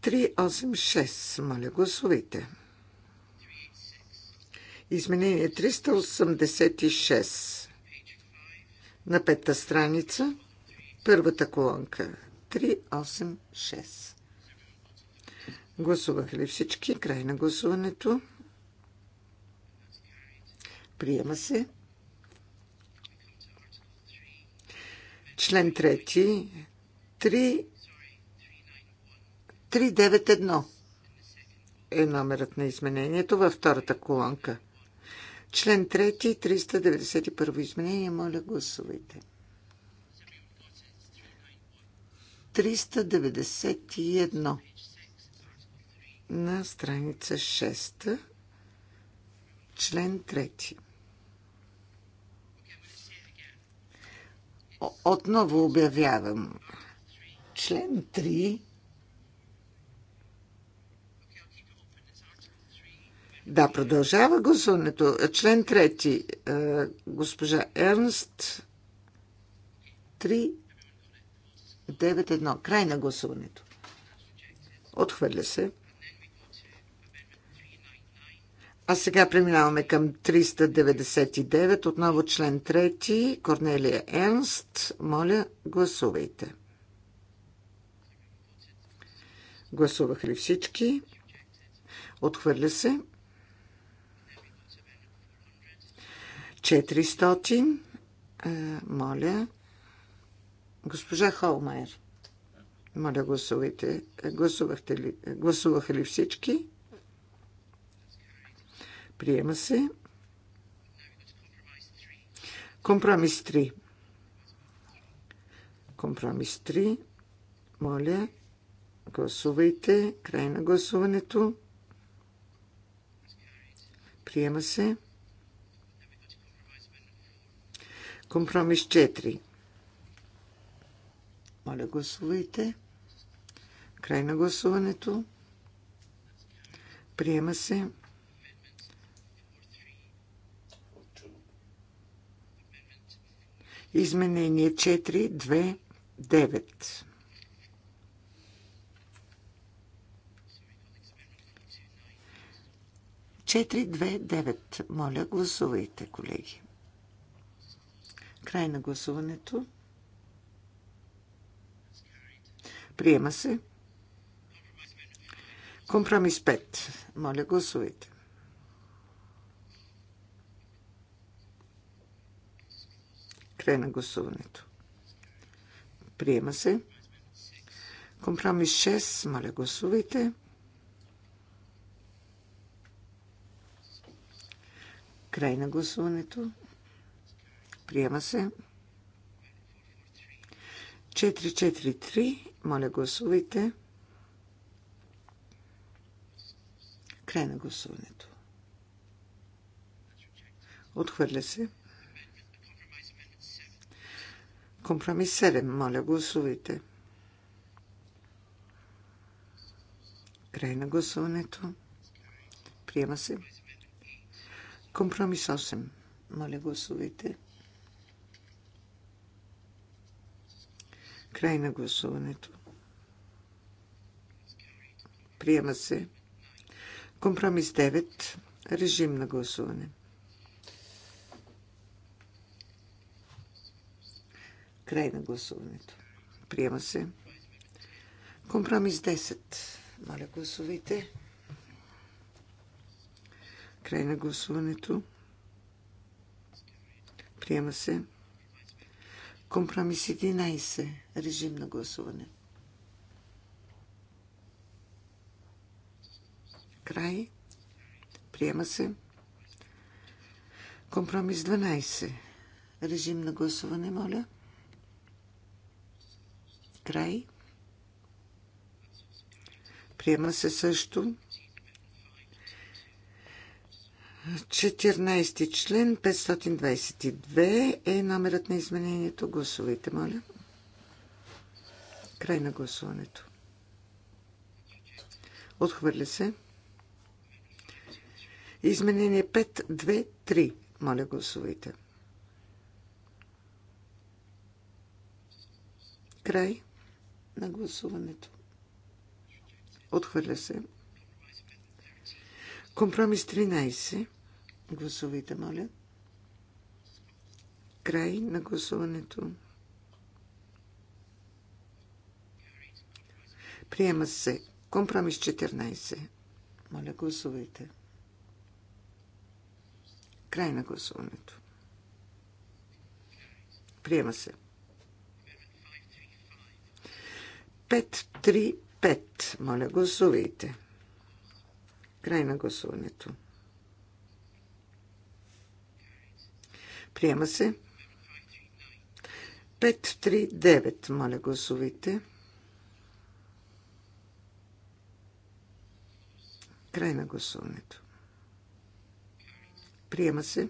386. Моля, гласувайте. Изменение 386 на пета страница, първата колонка 386. Гласуваха ли всички? Край на гласуването. Приема се. Член 3. 3. 391 е номерът на изменението във втората колонка. Член 3, 391 изменение. Моля, гласувайте. 391 на страница 6, член 3. Отново обявявам член 3 Да, продължава гласуването. Член 3. Е, госпожа Ернст. 391. Край на гласуването. Отхвърля се. А сега преминаваме към 399. Отново член 3. Корнелия Ернст. Моля, гласувайте. Гласувах ли всички? Отхвърля се. 400. Е, моля. Госпожа Холмайер. Моля, гласувайте. Е, гласувахте ли, е, гласуваха ли всички? Приема се. Компромис 3. Компромис 3. Моля, гласувайте. Край на гласуването. Приема се. Компромис 4. Моля, гласувайте. Край на гласуването. Приема се. Изменение 4, 2, 9. Четири, две, девет. Моля, гласувайте, колеги. Край на гласуването. Приема се. Компромис 5. Моля, гласувайте. Край на гласуването. Приема се. Компромис 6. Моля, гласувайте. Край на гласуването. Приема се. 443. Моля, гласувайте. Край на гласуването. Отхвърля се. Компромис 7. Моля, гласувайте. Край на гласуването. Приема се. Компромис 8. Моля, гласувайте. Край на гласуването. Приема се. Компромис 9. Режим на гласуване. Край на гласуването. Приема се. Компромис 10. Моля, гласувайте. Край на гласуването. Приема се. Компромис 11. Режим на гласуване. Край. Приема се. Компромис 12. Режим на гласуване, моля. Край. Приема се също. 14 член 522 е номерът на изменението. Гласувайте, моля. Край на гласуването. Отхвърля се. Изменение 523. Моля, гласувайте. Край на гласуването. Отхвърля се. Компромис 13. Гласувайте, моля. Край на гласуването. Приема се. Компромис 14. Моля, гласувайте. Край на гласуването. Приема се. 535. Моля, гласувайте. Край на гласуването. Приема се. 539. Моля, гласувайте. Край на гласуването. Приема се.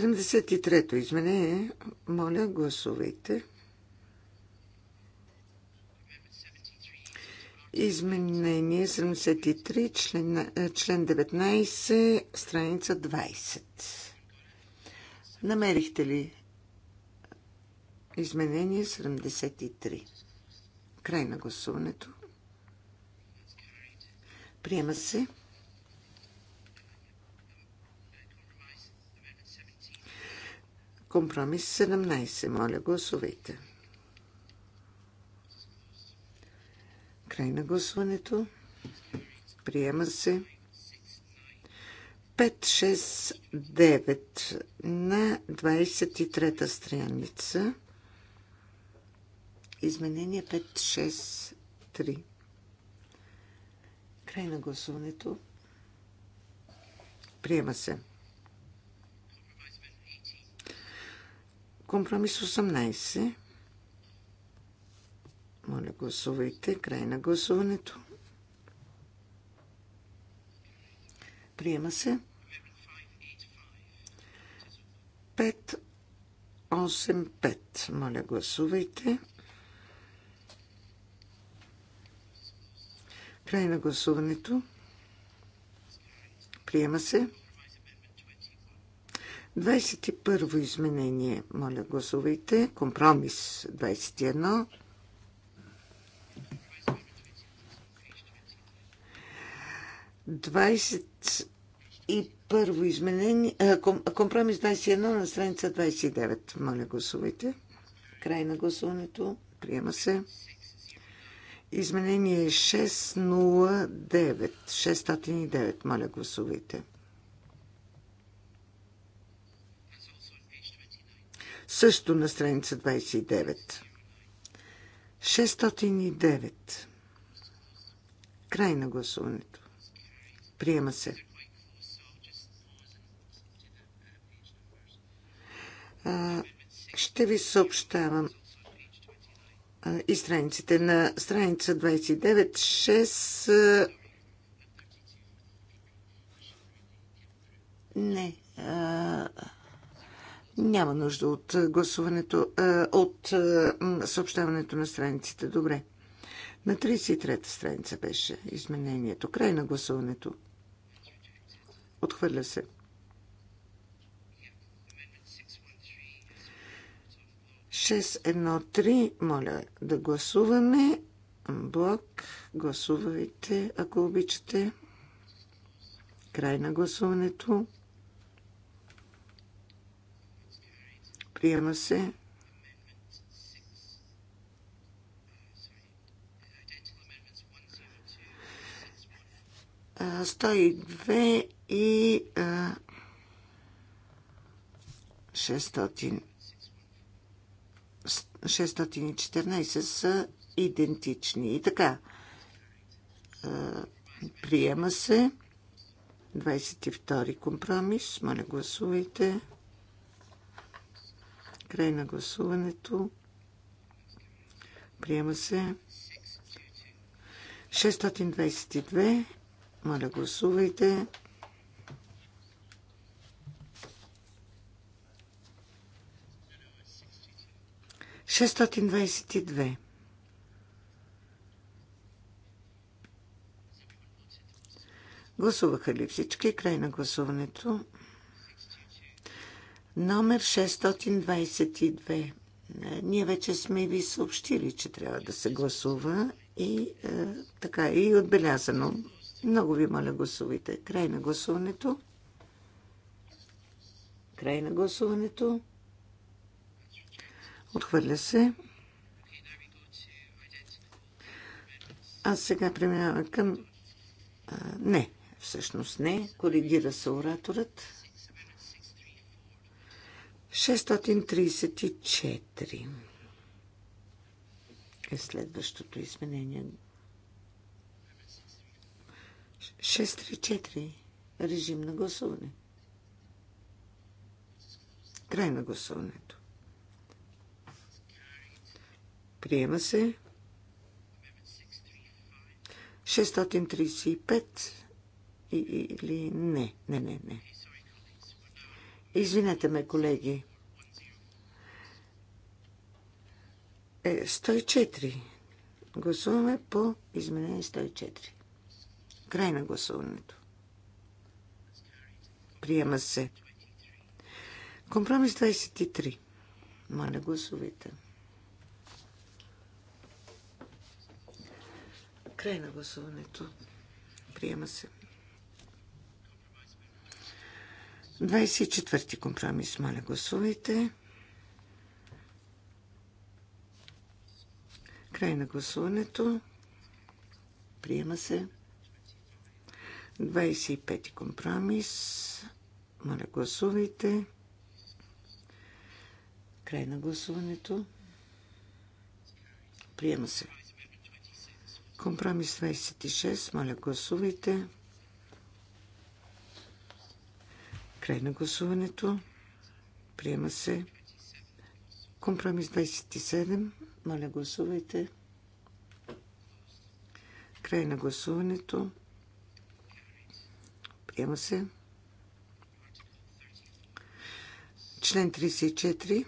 73-то изменение. Моля, гласувайте. Изменение 73, член, член 19, страница 20. Намерихте ли изменение 73? Край на гласуването. Приема се. Компромис 17. Моля, гласувайте. Край на гласуването. Приема се. 569 на 23-та страница. Изменение 563. Край на гласуването. Приема се. Компромис 18. Моля, гласувайте. Край на гласуването. Приема се. 585. Моля, гласувайте. Край на гласуването. Приема се. 21 изменение. Моля, гласувайте. Компромис 21. Двадесет и първо изменение, компромис 21 на страница 29. Моля, гласувайте. Край на гласуването. Приема се. Изменение 609. 609. Моля, гласувайте. също на страница 29. 609. Край на гласуването. Приема се. ще ви съобщавам и страниците на страница 29, 6 не а, няма нужда от е, гласуването, е, от е, съобщаването на страниците. Добре. На 33-та страница беше изменението. Край на гласуването. Отхвърля се. 613, моля да гласуваме. Блок, гласувайте, ако обичате. Край на гласуването. Приема се. Сто и две и шестстотин. 614 са идентични. И така, приема се 22 компромис. Моля, гласувайте. Край на гласуването. Приема се. 622. Моля, гласувайте. Шестотин двадесет и две. Гласуваха ли всички? Край на гласуването. Номер 622. Е, ние вече сме ви съобщили, че трябва да се гласува и е, така и отбелязано. Много ви моля, гласувайте. Край на гласуването. Край на гласуването. Отхвърля се. А сега преминаваме към... А, е, не, всъщност не. Коригира се ораторът. 634 е следващото изменение. 634 режим на гласуване. Край на гласуването. Приема се 635 или не. Не, не, не. Извинете ме, колеги. 104. Е, Гласуваме по изменение 104. Край на гласуването. Приема се. Компромис 23. Моля, гласувайте. Край на гласуването. Приема се. 24-ти компромис, моля гласувайте. Край на гласуването. Приема се. 25-ти компромис. Моля гласувайте. Край на гласуването. Приема се. Компромис 26. Моля гласувайте. Край на гласуването. Приема се. Компромис 27. Моля, гласувайте. Край на гласуването. Приема се. Член 34.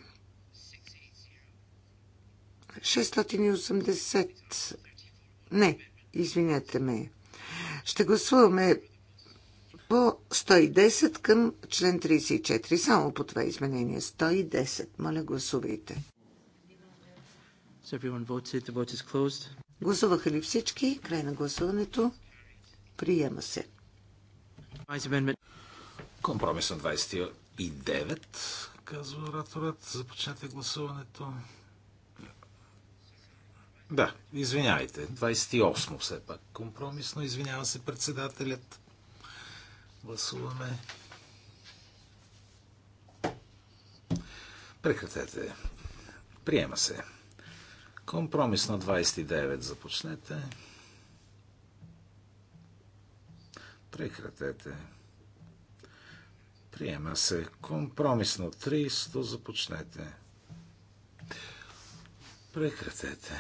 680. Не, извинете ме. Ще гласуваме по 110 към член 34. Само по това изменение. 110. Моля, гласувайте. Гласуваха ли всички? Край на гласуването. Приема се. Компромис на 29, казва ораторът. Започнете гласуването. Да, извинявайте. 28 все пак. Компромисно, извинява се председателят. Гласуваме. Прекратете. Приема се. Компромис на 29 започнете. Прекратете. Приема се. Компромис на 30 започнете. Прекратете.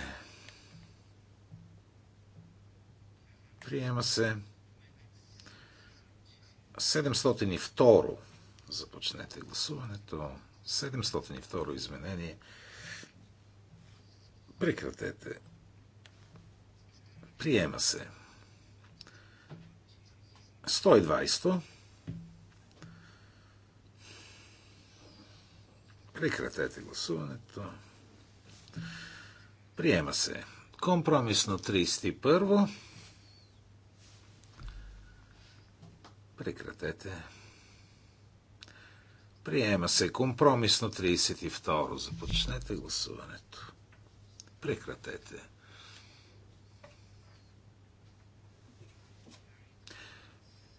Приема се. 702. Започнете гласуването. 702 изменение. Прекратете. Приема се. 120. Прекратете гласуването. Приема се. Компромисно 31. Прекратете. Приема се компромисно 32. Започнете гласуването. Прекратете.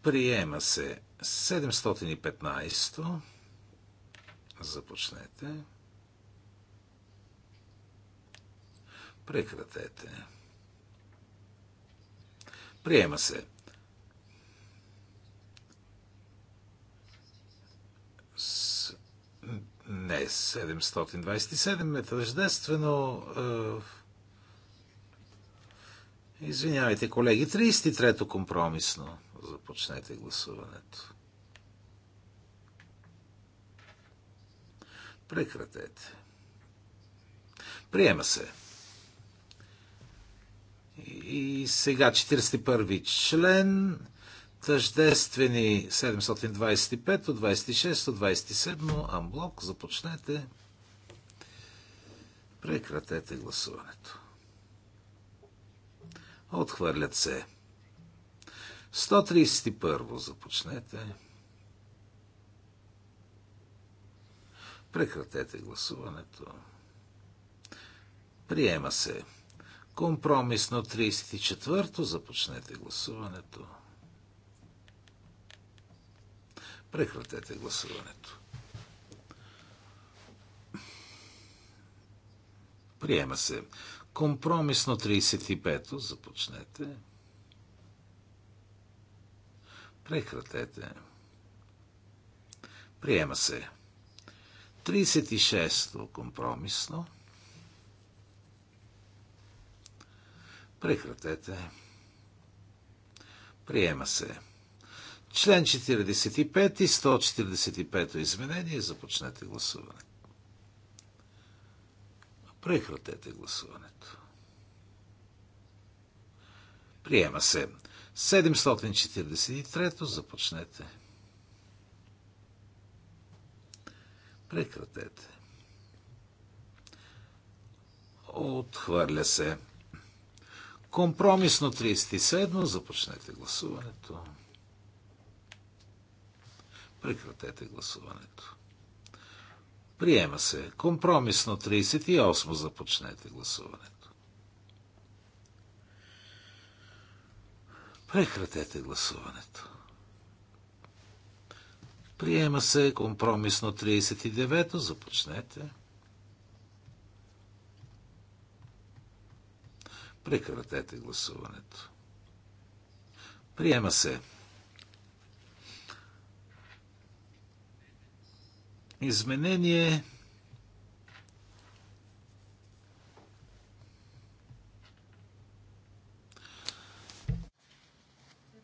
Приема се 715. то Започнете. Прекратете. Приема се Не, 727 е тъждествено. Е, извинявайте, колеги, 33-то компромисно. Започнете гласуването. Прекратете. Приема се. И сега 41-и член Тъждествени 725 26 27 амблок. Започнете. Прекратете гласуването. Отхвърлят се. 131 започнете. Прекратете гласуването. Приема се. Компромисно 34-то започнете гласуването. Прекратете гласуването. Приема се. Компромисно 35-то. Започнете. Прекратете. Приема се. 36-то. Компромисно. Прекратете. Приема се. Член 45 и 145 изменение. Започнете гласуване. Прехратете гласуването. Приема се. 743 започнете. Прекратете. Отхвърля се. Компромисно 37 започнете гласуването. Прекратете гласуването. Приема се. Компромисно 38 започнете гласуването. Прекратете гласуването. Приема се компромисно 39 Започнете. Прекратете гласуването. Приема се. изменение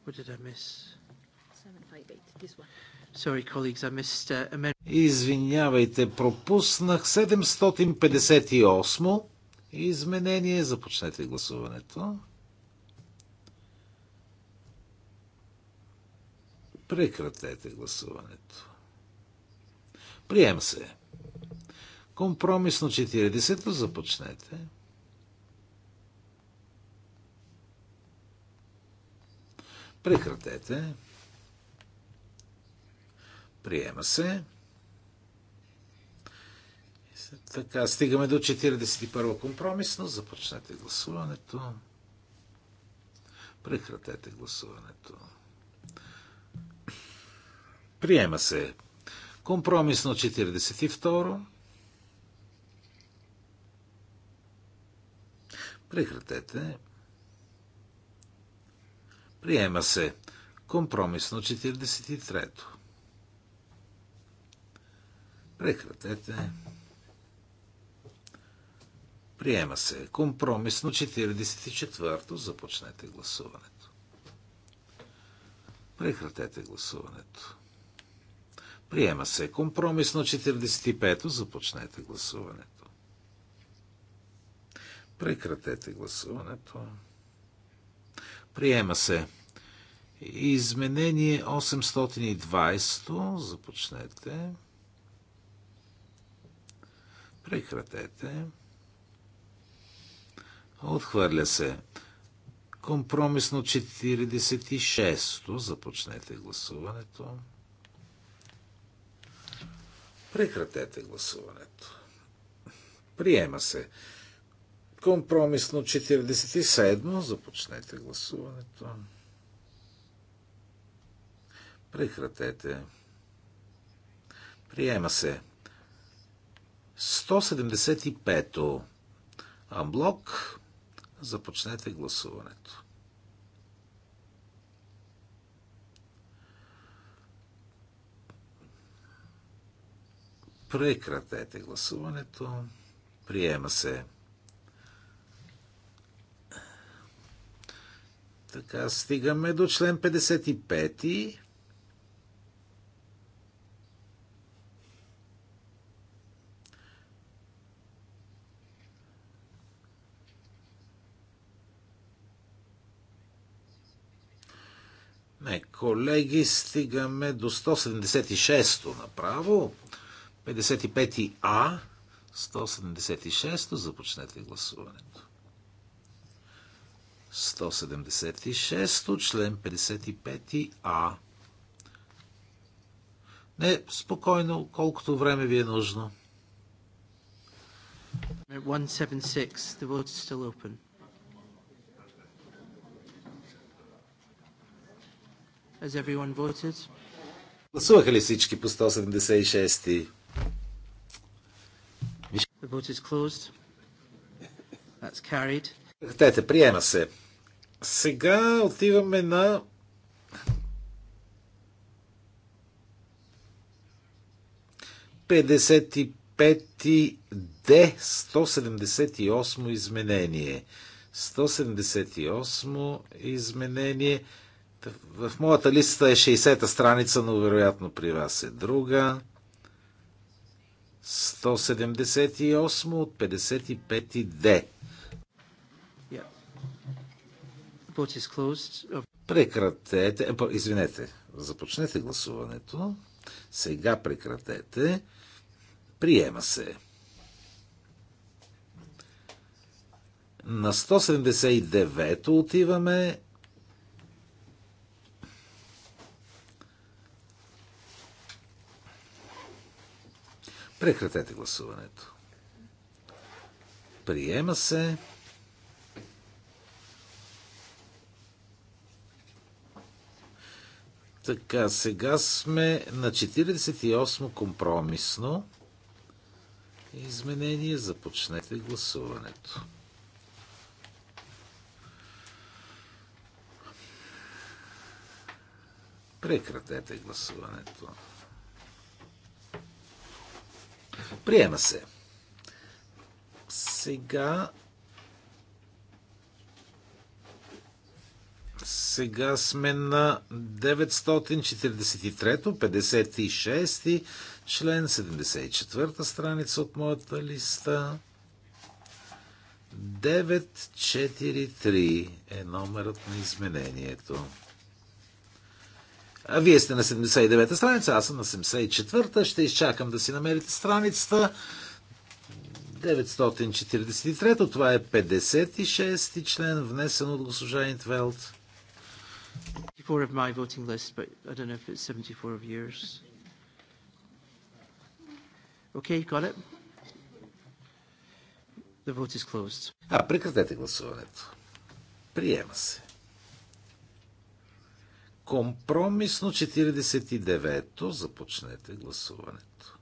uh, Извинявайте, пропуснах 758 изменение. Започнете гласуването. Прекратете гласуването. Прием се. Компромисно 40-то започнете. Прекратете. Приема се. Така, стигаме до 41 компромисно. Започнете гласуването. Прекратете гласуването. Приема се Компромисно 42. Прекратете. Приема се. Компромисно 43-то. Прекратете. Приема се. Компромисно 44-то. Започнете гласуването. Прекратете гласуването. Приема се компромисно 45-то. Започнете гласуването. Прекратете гласуването. Приема се. Изменение 820. Започнете. Прекратете. Отхвърля се. Компромисно 46. Започнете гласуването. Прекратете гласуването. Приема се. Компромисно 47. Започнете гласуването. Прекратете. Приема се. 175 Амблок. Започнете гласуването. Прекратете гласуването. Приема се. Така, стигаме до член 55. Не, колеги, стигаме до 176-то направо. 55А, 176 започнете гласуването. 176 член 55А. Не, спокойно, колкото време ви е нужно. 176, the is still open. Has everyone voted? Гласуваха ли всички по 176? The vote is closed. That's carried. Дайте, приема се. Сега отиваме на Петдесет и Д, 178 изменение. 178 изменение. В моята листа е 60-та страница, но вероятно при вас е друга. 178 от 55 Д. Прекратете. Е, извинете. Започнете гласуването. Сега прекратете. Приема се. На 179 отиваме Прекратете гласуването. Приема се. Така, сега сме на 48 компромисно изменение. Започнете гласуването. Прекратете гласуването. Приема се. Сега. Сега сме на 943-то, 56-ти, член 74-та страница от моята листа. 943 е номерът на изменението. Вие сте на 79-та страница, аз съм на 74-та. Ще изчакам да си намерите страницата. 943 та това е 56-ти член, внесен от госпожа Интвелд. А, прекратете гласуването. Приема се. Компромисно 49-то. Започнете гласуването.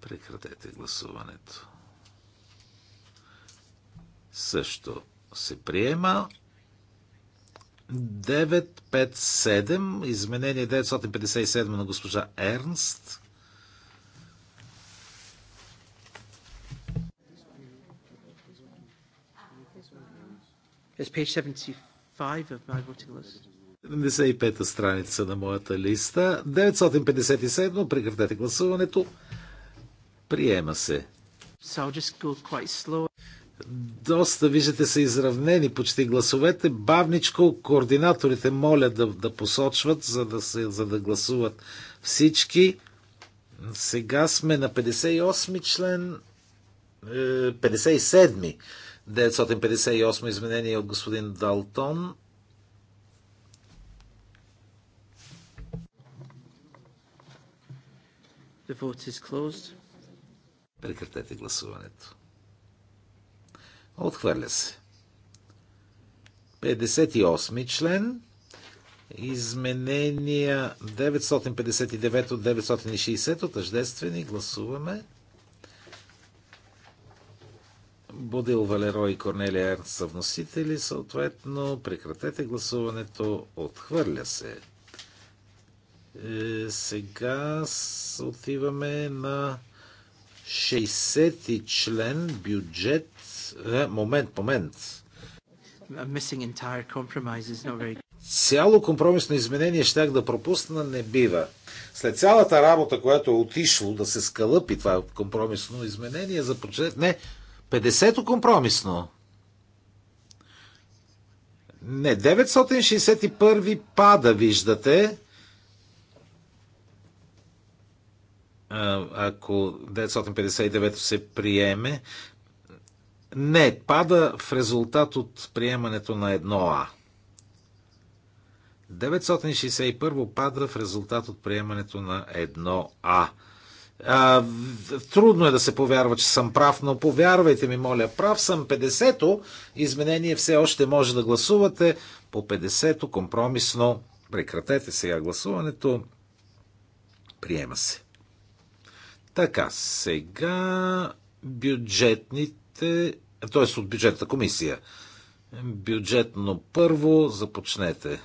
Прекратете гласуването. Също се приема. 957, изменение 957 на госпожа Ернст. It's page 75 of my voting list. 75-та страница на моята листа. 957, прекратете гласуването. Приема се. So Доста, виждате, са изравнени почти гласовете. Бавничко координаторите моля да, да посочват, за да, се, за да гласуват всички. Сега сме на 58 ми член, 57 е, 958 изменение от господин Далтон. The vote is closed. Прекратете гласуването. Отхвърля се. 58 член. Изменения 959 от 960 от тъждествени. Гласуваме. Бодил Валеро и Корнелия Ернст са вносители, съответно прекратете гласуването, отхвърля се. Е, сега отиваме на 60-ти член бюджет. Е, момент, момент. Цяло компромисно изменение щях да пропусна, не бива. След цялата работа, която е отишло да се скалъпи това компромисно изменение, започне. Не, 50-то компромисно. Не, 961 пада, виждате. Ако 959 се приеме. Не, пада в резултат от приемането на 1А. 961 пада в резултат от приемането на 1А. А, трудно е да се повярва, че съм прав, но повярвайте ми, моля, прав съм. 50-то изменение все още може да гласувате по 50-то компромисно. Прекратете сега гласуването. Приема се. Така, сега бюджетните, т.е. от бюджетната комисия. Бюджетно първо, започнете.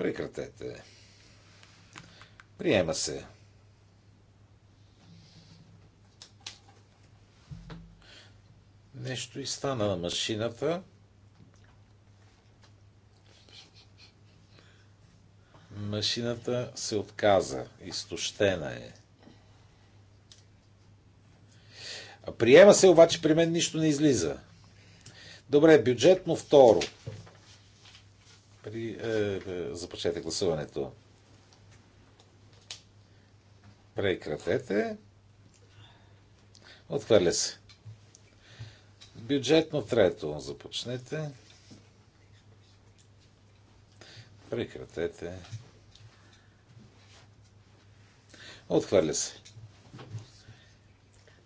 Прекратете. Приема се. Нещо и стана на машината. Машината се отказа. Изтощена е. Приема се, обаче при мен нищо не излиза. Добре, бюджетно второ. При, е, е, започнете гласуването. Прекратете. Отхвърля се. Бюджетно трето. Започнете. Прекратете. Отхвърля се.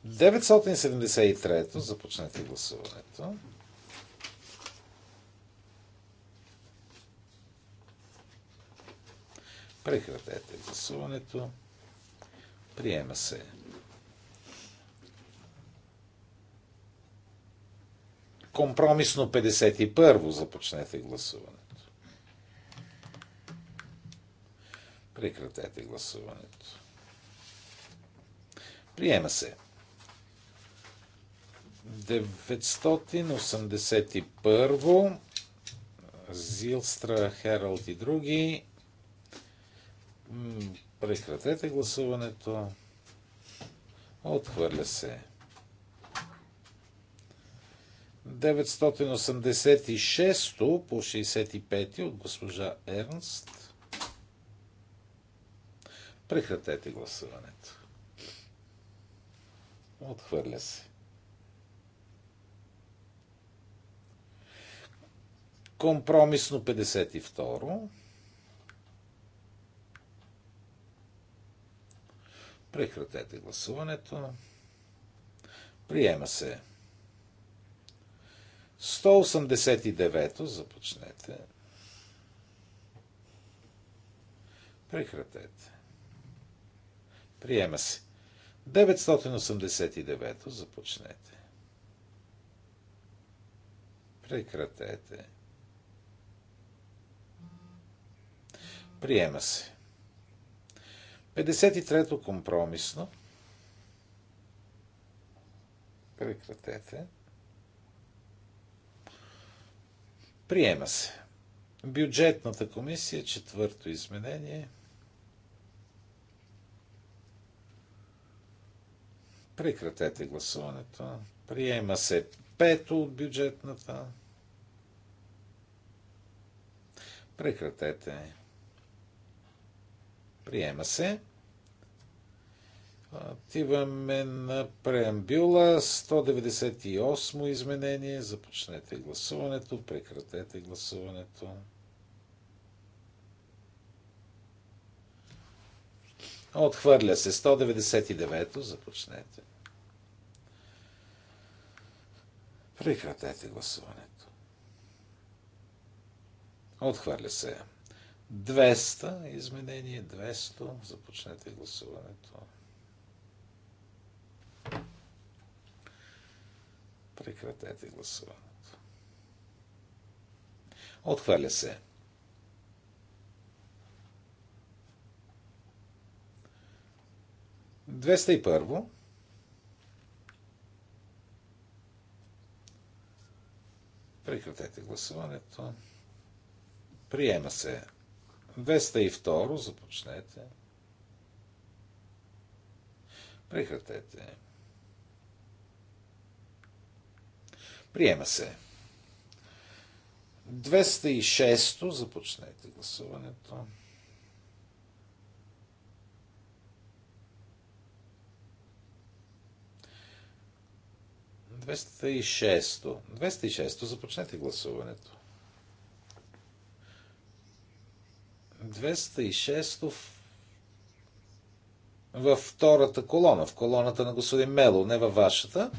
973. Започнете гласуването. Прекратете гласуването. Приема се. Компромисно 51 започнете гласуването. Прекратете гласуването. Приема се. 981 Зилстра, Хералд и други Прекратете гласуването. Отхвърля се. 986 по 65 от госпожа Ернст. Прекратете гласуването. Отхвърля се. Компромисно 52. Прекратете гласуването. Приема се. 189-то започнете. Прекратете. Приема се. 989-то започнете. Прекратете. Приема се. 53-то компромисно. Прекратете. Приема се. Бюджетната комисия, четвърто изменение. Прекратете гласуването. Приема се пето от бюджетната. Прекратете. Приема се. Отиваме на преамбюла 198 изменение. Започнете гласуването, прекратете гласуването. Отхвърля се 199-то, започнете. Прекратете гласуването. Отхвърля се 200, изменение 200, започнете гласуването. Прекратете гласуването. Отхвърля се. Двеста и първо. Прекратете гласуването. Приема се. 202 започнете. Прекратете. Приема се. 206 започнете гласуването. Двеста и шесто. Двеста и шесто. Започнете гласуването. 206 във втората колона, в колоната на господин Мело, не във вашата.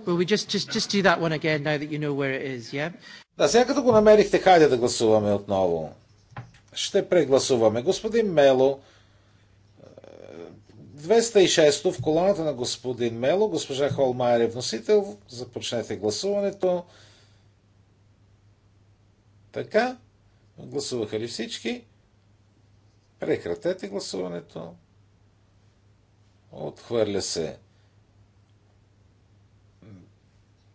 we just, just, just do that one again now that you know where it is, yeah? Да, сега като го намерихте, хайде да гласуваме отново. Ще прегласуваме. Господин Мело, 206 е, в колоната на господин Мело, госпожа Холмайер е вносител. Започнете гласуването. Така, гласуваха ли всички? Прекратете гласуването. Отхвърля се.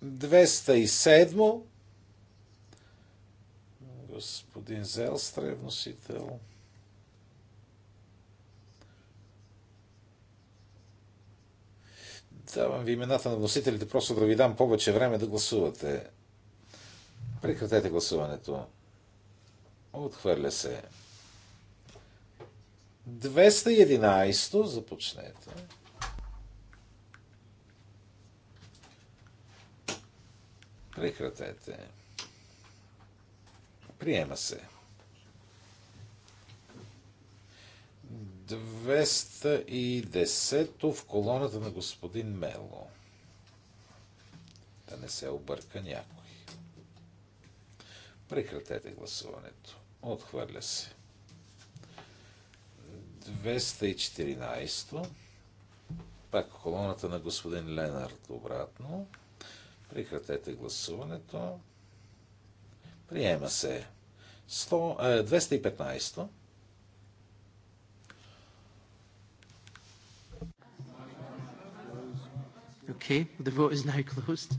207. Господин Зелстре вносител. Давам ви имената на вносителите, просто да ви дам повече време да гласувате. Прекратете гласуването. Отхвърля се. 211 започнете. Прекратете. Приема се. 210 в колоната на господин Мело. Да не се обърка някой. Прекратете гласуването. Отхвърля се. 214. Пак колоната на господин Ленард обратно. Прекратете гласуването. Приема се. 215. Е, okay, the vote is now closed.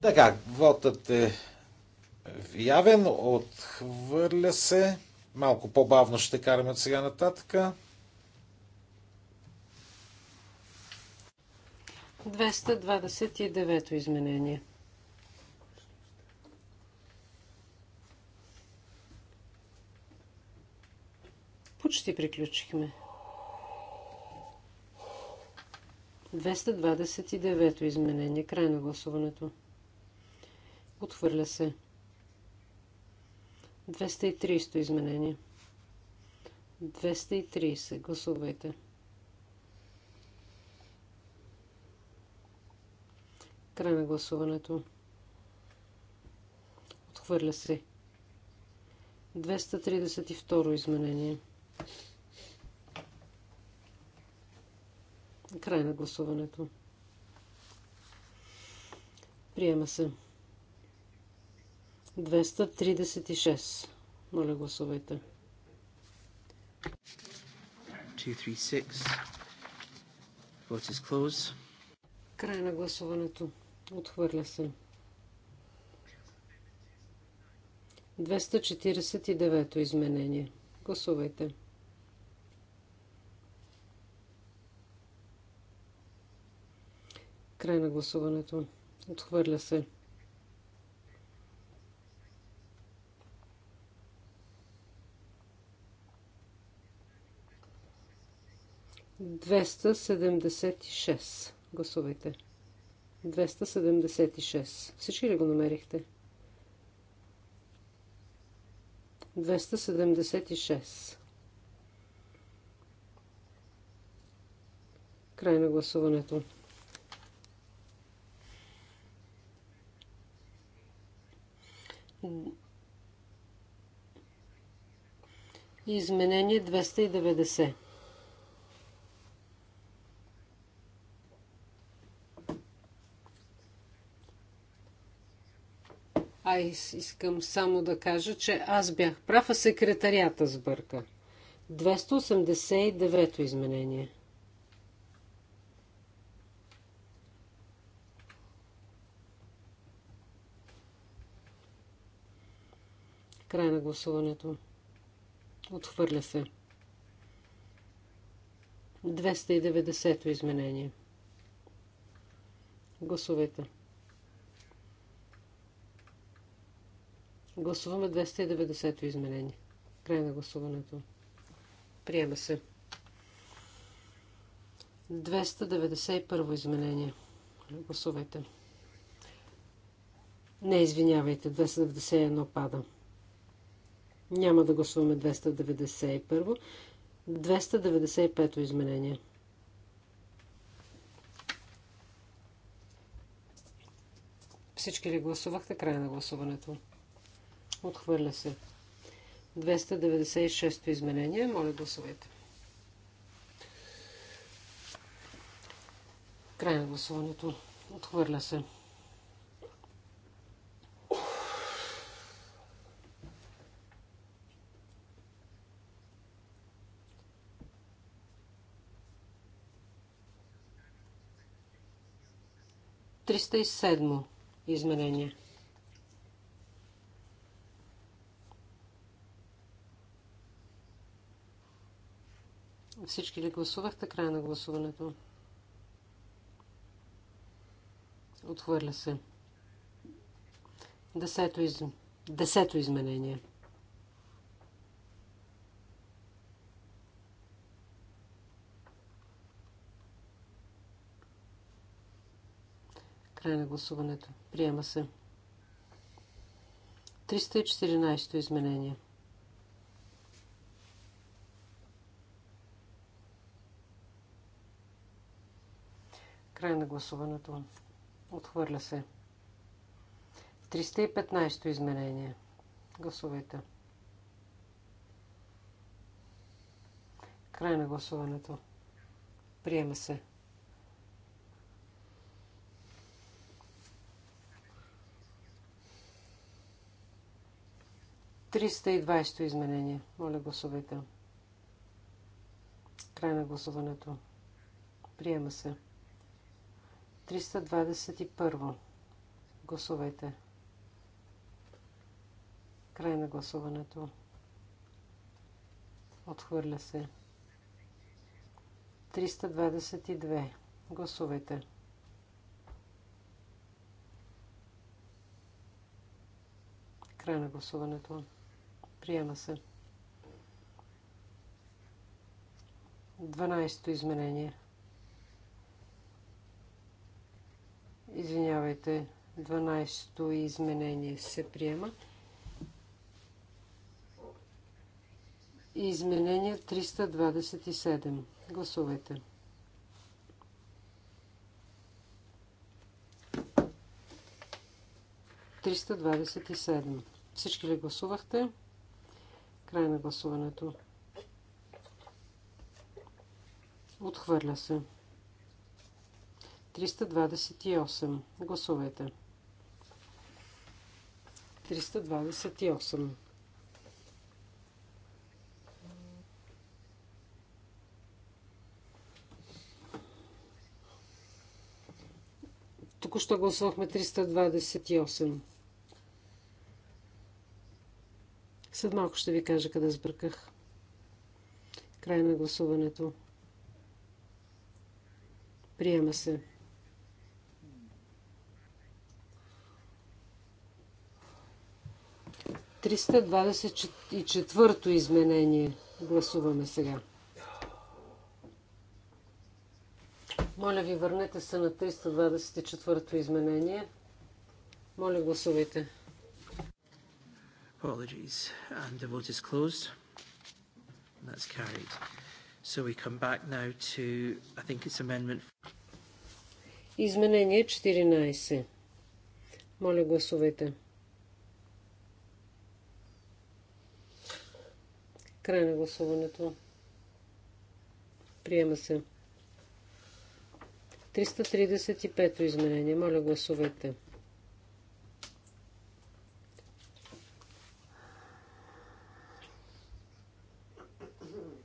Така, вотът е явен, отхвърля се. Малко по-бавно ще караме от сега нататък. 229 изменение. Почти приключихме. 229 изменение. Край на гласуването. Отхвърля се. 230 изменение. 230. Гласувайте. Край на гласуването. Отхвърля се. 232 изменение. Край на гласуването. Приема се. 236. Моля, гласувайте. 236. Vote is closed. Край на гласуването. Отхвърля се. 249 то изменение. Гласувайте. Край на гласуването. Отхвърля се. 276. Гласувайте. 276. Всички ли го намерихте? 276. Край на гласуването. Изменение 290. А искам само да кажа, че аз бях прав, а секретарията сбърка. 289-то изменение. Край на гласуването. Отхвърля се. 290-то изменение. Гласувайте. Гласуваме 290-то изменение. Край на гласуването. Приема се. 291 изменение. Гласувайте. Не, извинявайте, 291 пада. Няма да гласуваме 291. 295 изменение. Всички ли гласувахте край на гласуването? Отхвърля се. 296-то изменение. Моля гласувайте. Край на гласуването. Отхвърля се. Триста и седмо изменение. Всички ли гласувахте Края на гласуването? Отхвърля се. Десето, из... Десето изменение. Край на гласуването. Приема се. 314 изменение. Край на гласуването. Отхвърля се. 315 то изменение. Гласувайте. Край на гласуването. Приема се. Триста и двайсто изменение. Моля гласувайте. Край на гласуването. Приема се. 321. Гласувайте. Край на гласуването. Отхвърля се. 322. Гласувайте. Край на гласуването. Приема се. 12-то изменение. Извинявайте, 12-то изменение се приема. Изменение 327. Гласувайте. Триста Всички ли гласувахте? Край на гласуването. Отхвърля се. 328. Гласувайте. 328. Току-що гласувахме 328. След малко ще ви кажа къде сбърках. Край на гласуването. Приема се. 324-то изменение гласуваме сега. Моля ви, върнете се на 324-то изменение. Моля, гласувайте. Apologies. And the vote is closed. And that's carried. So we come back now to, I think it's amendment... Изменение 14. Моля, гласувайте. 14. Край на гласуването. Приема се. 335 изменение. Моля, гласувайте.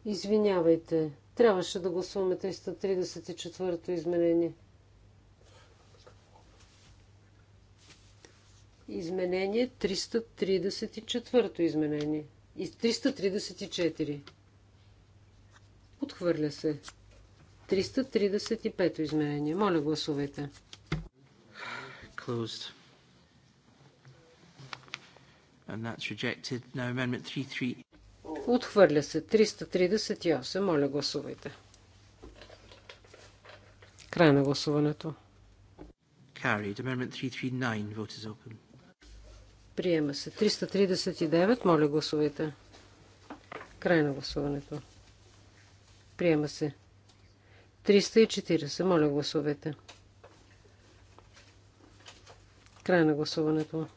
Извинявайте. Трябваше да гласуваме 334-то изменение. Изменение 334-то изменение. И 334. Отхвърля се. 335 изменение. Моля, гласувайте. Closed. And that's rejected. Now amendment 33. Отхвърля се. 338. Моля, гласувайте. Край на гласуването. Carried. Amendment 339. Vote is open. Приема се. 339. Моля, гласувайте. Край на гласуването. Приема се. 340. Моля, гласувайте. Край на гласуването.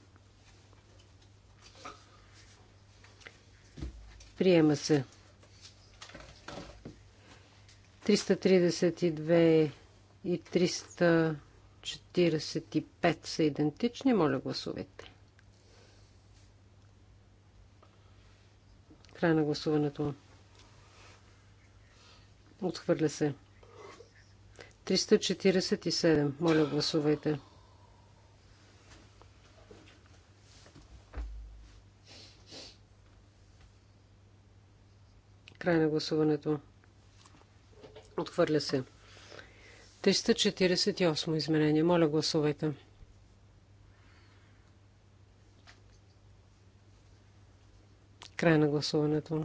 Приема се. 332 и 345 са идентични. Моля, гласувайте. Край на гласуването. Отхвърля се. 347. Моля, гласувайте. Край на гласуването. Отхвърля се. 348 изменение. Моля, гласувайте. Край на гласуването.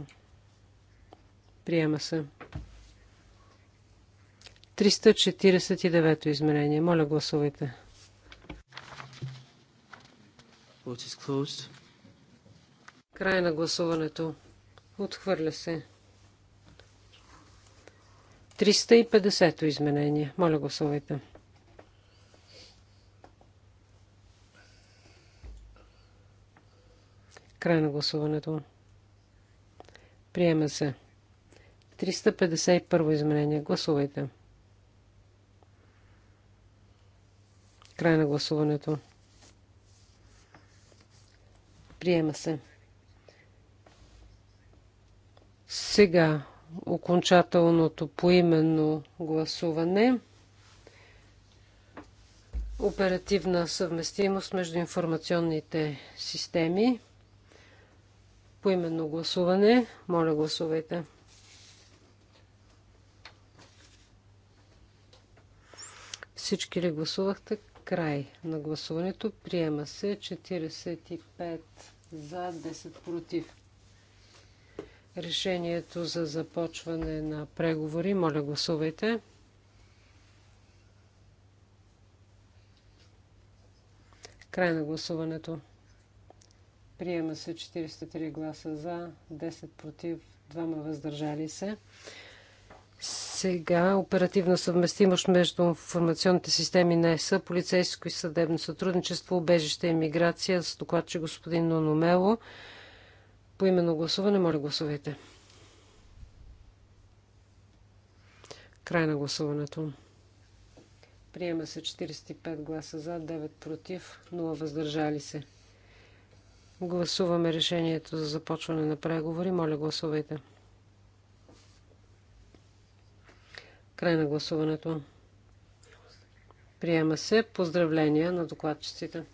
Приема се. 349 то измерение. Моля, гласувайте. Край на гласуването. Отхвърля се. 350 то изменение. Моля, гласувайте. Край на гласуването. Приема се. 351 изменение. Гласувайте. Край на гласуването. Приема се. Сега окончателното поименно гласуване. Оперативна съвместимост между информационните системи поименно именно гласуване. Моля, гласувайте. Всички ли гласувахте? Край на гласуването. Приема се 45 за 10 против. Решението за започване на преговори. Моля, гласувайте. Край на гласуването. Приема се 43 гласа за, 10 против, 2 въздържали се. Сега оперативна съвместимост между информационните системи на ЕСА, полицейско и съдебно сътрудничество, убежище и миграция с докладче господин Нономело. По именно гласуване, моля гласовете. Край на гласуването. Приема се 45 гласа за, 9 против, 0 въздържали се. Гласуваме решението за започване на преговори. Моля, гласувайте. Край на гласуването. Приема се. Поздравления на докладчиците.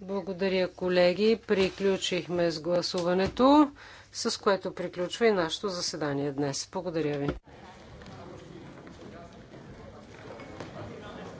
Благодаря, колеги. Приключихме с гласуването, с което приключва и нашето заседание днес. Благодаря ви.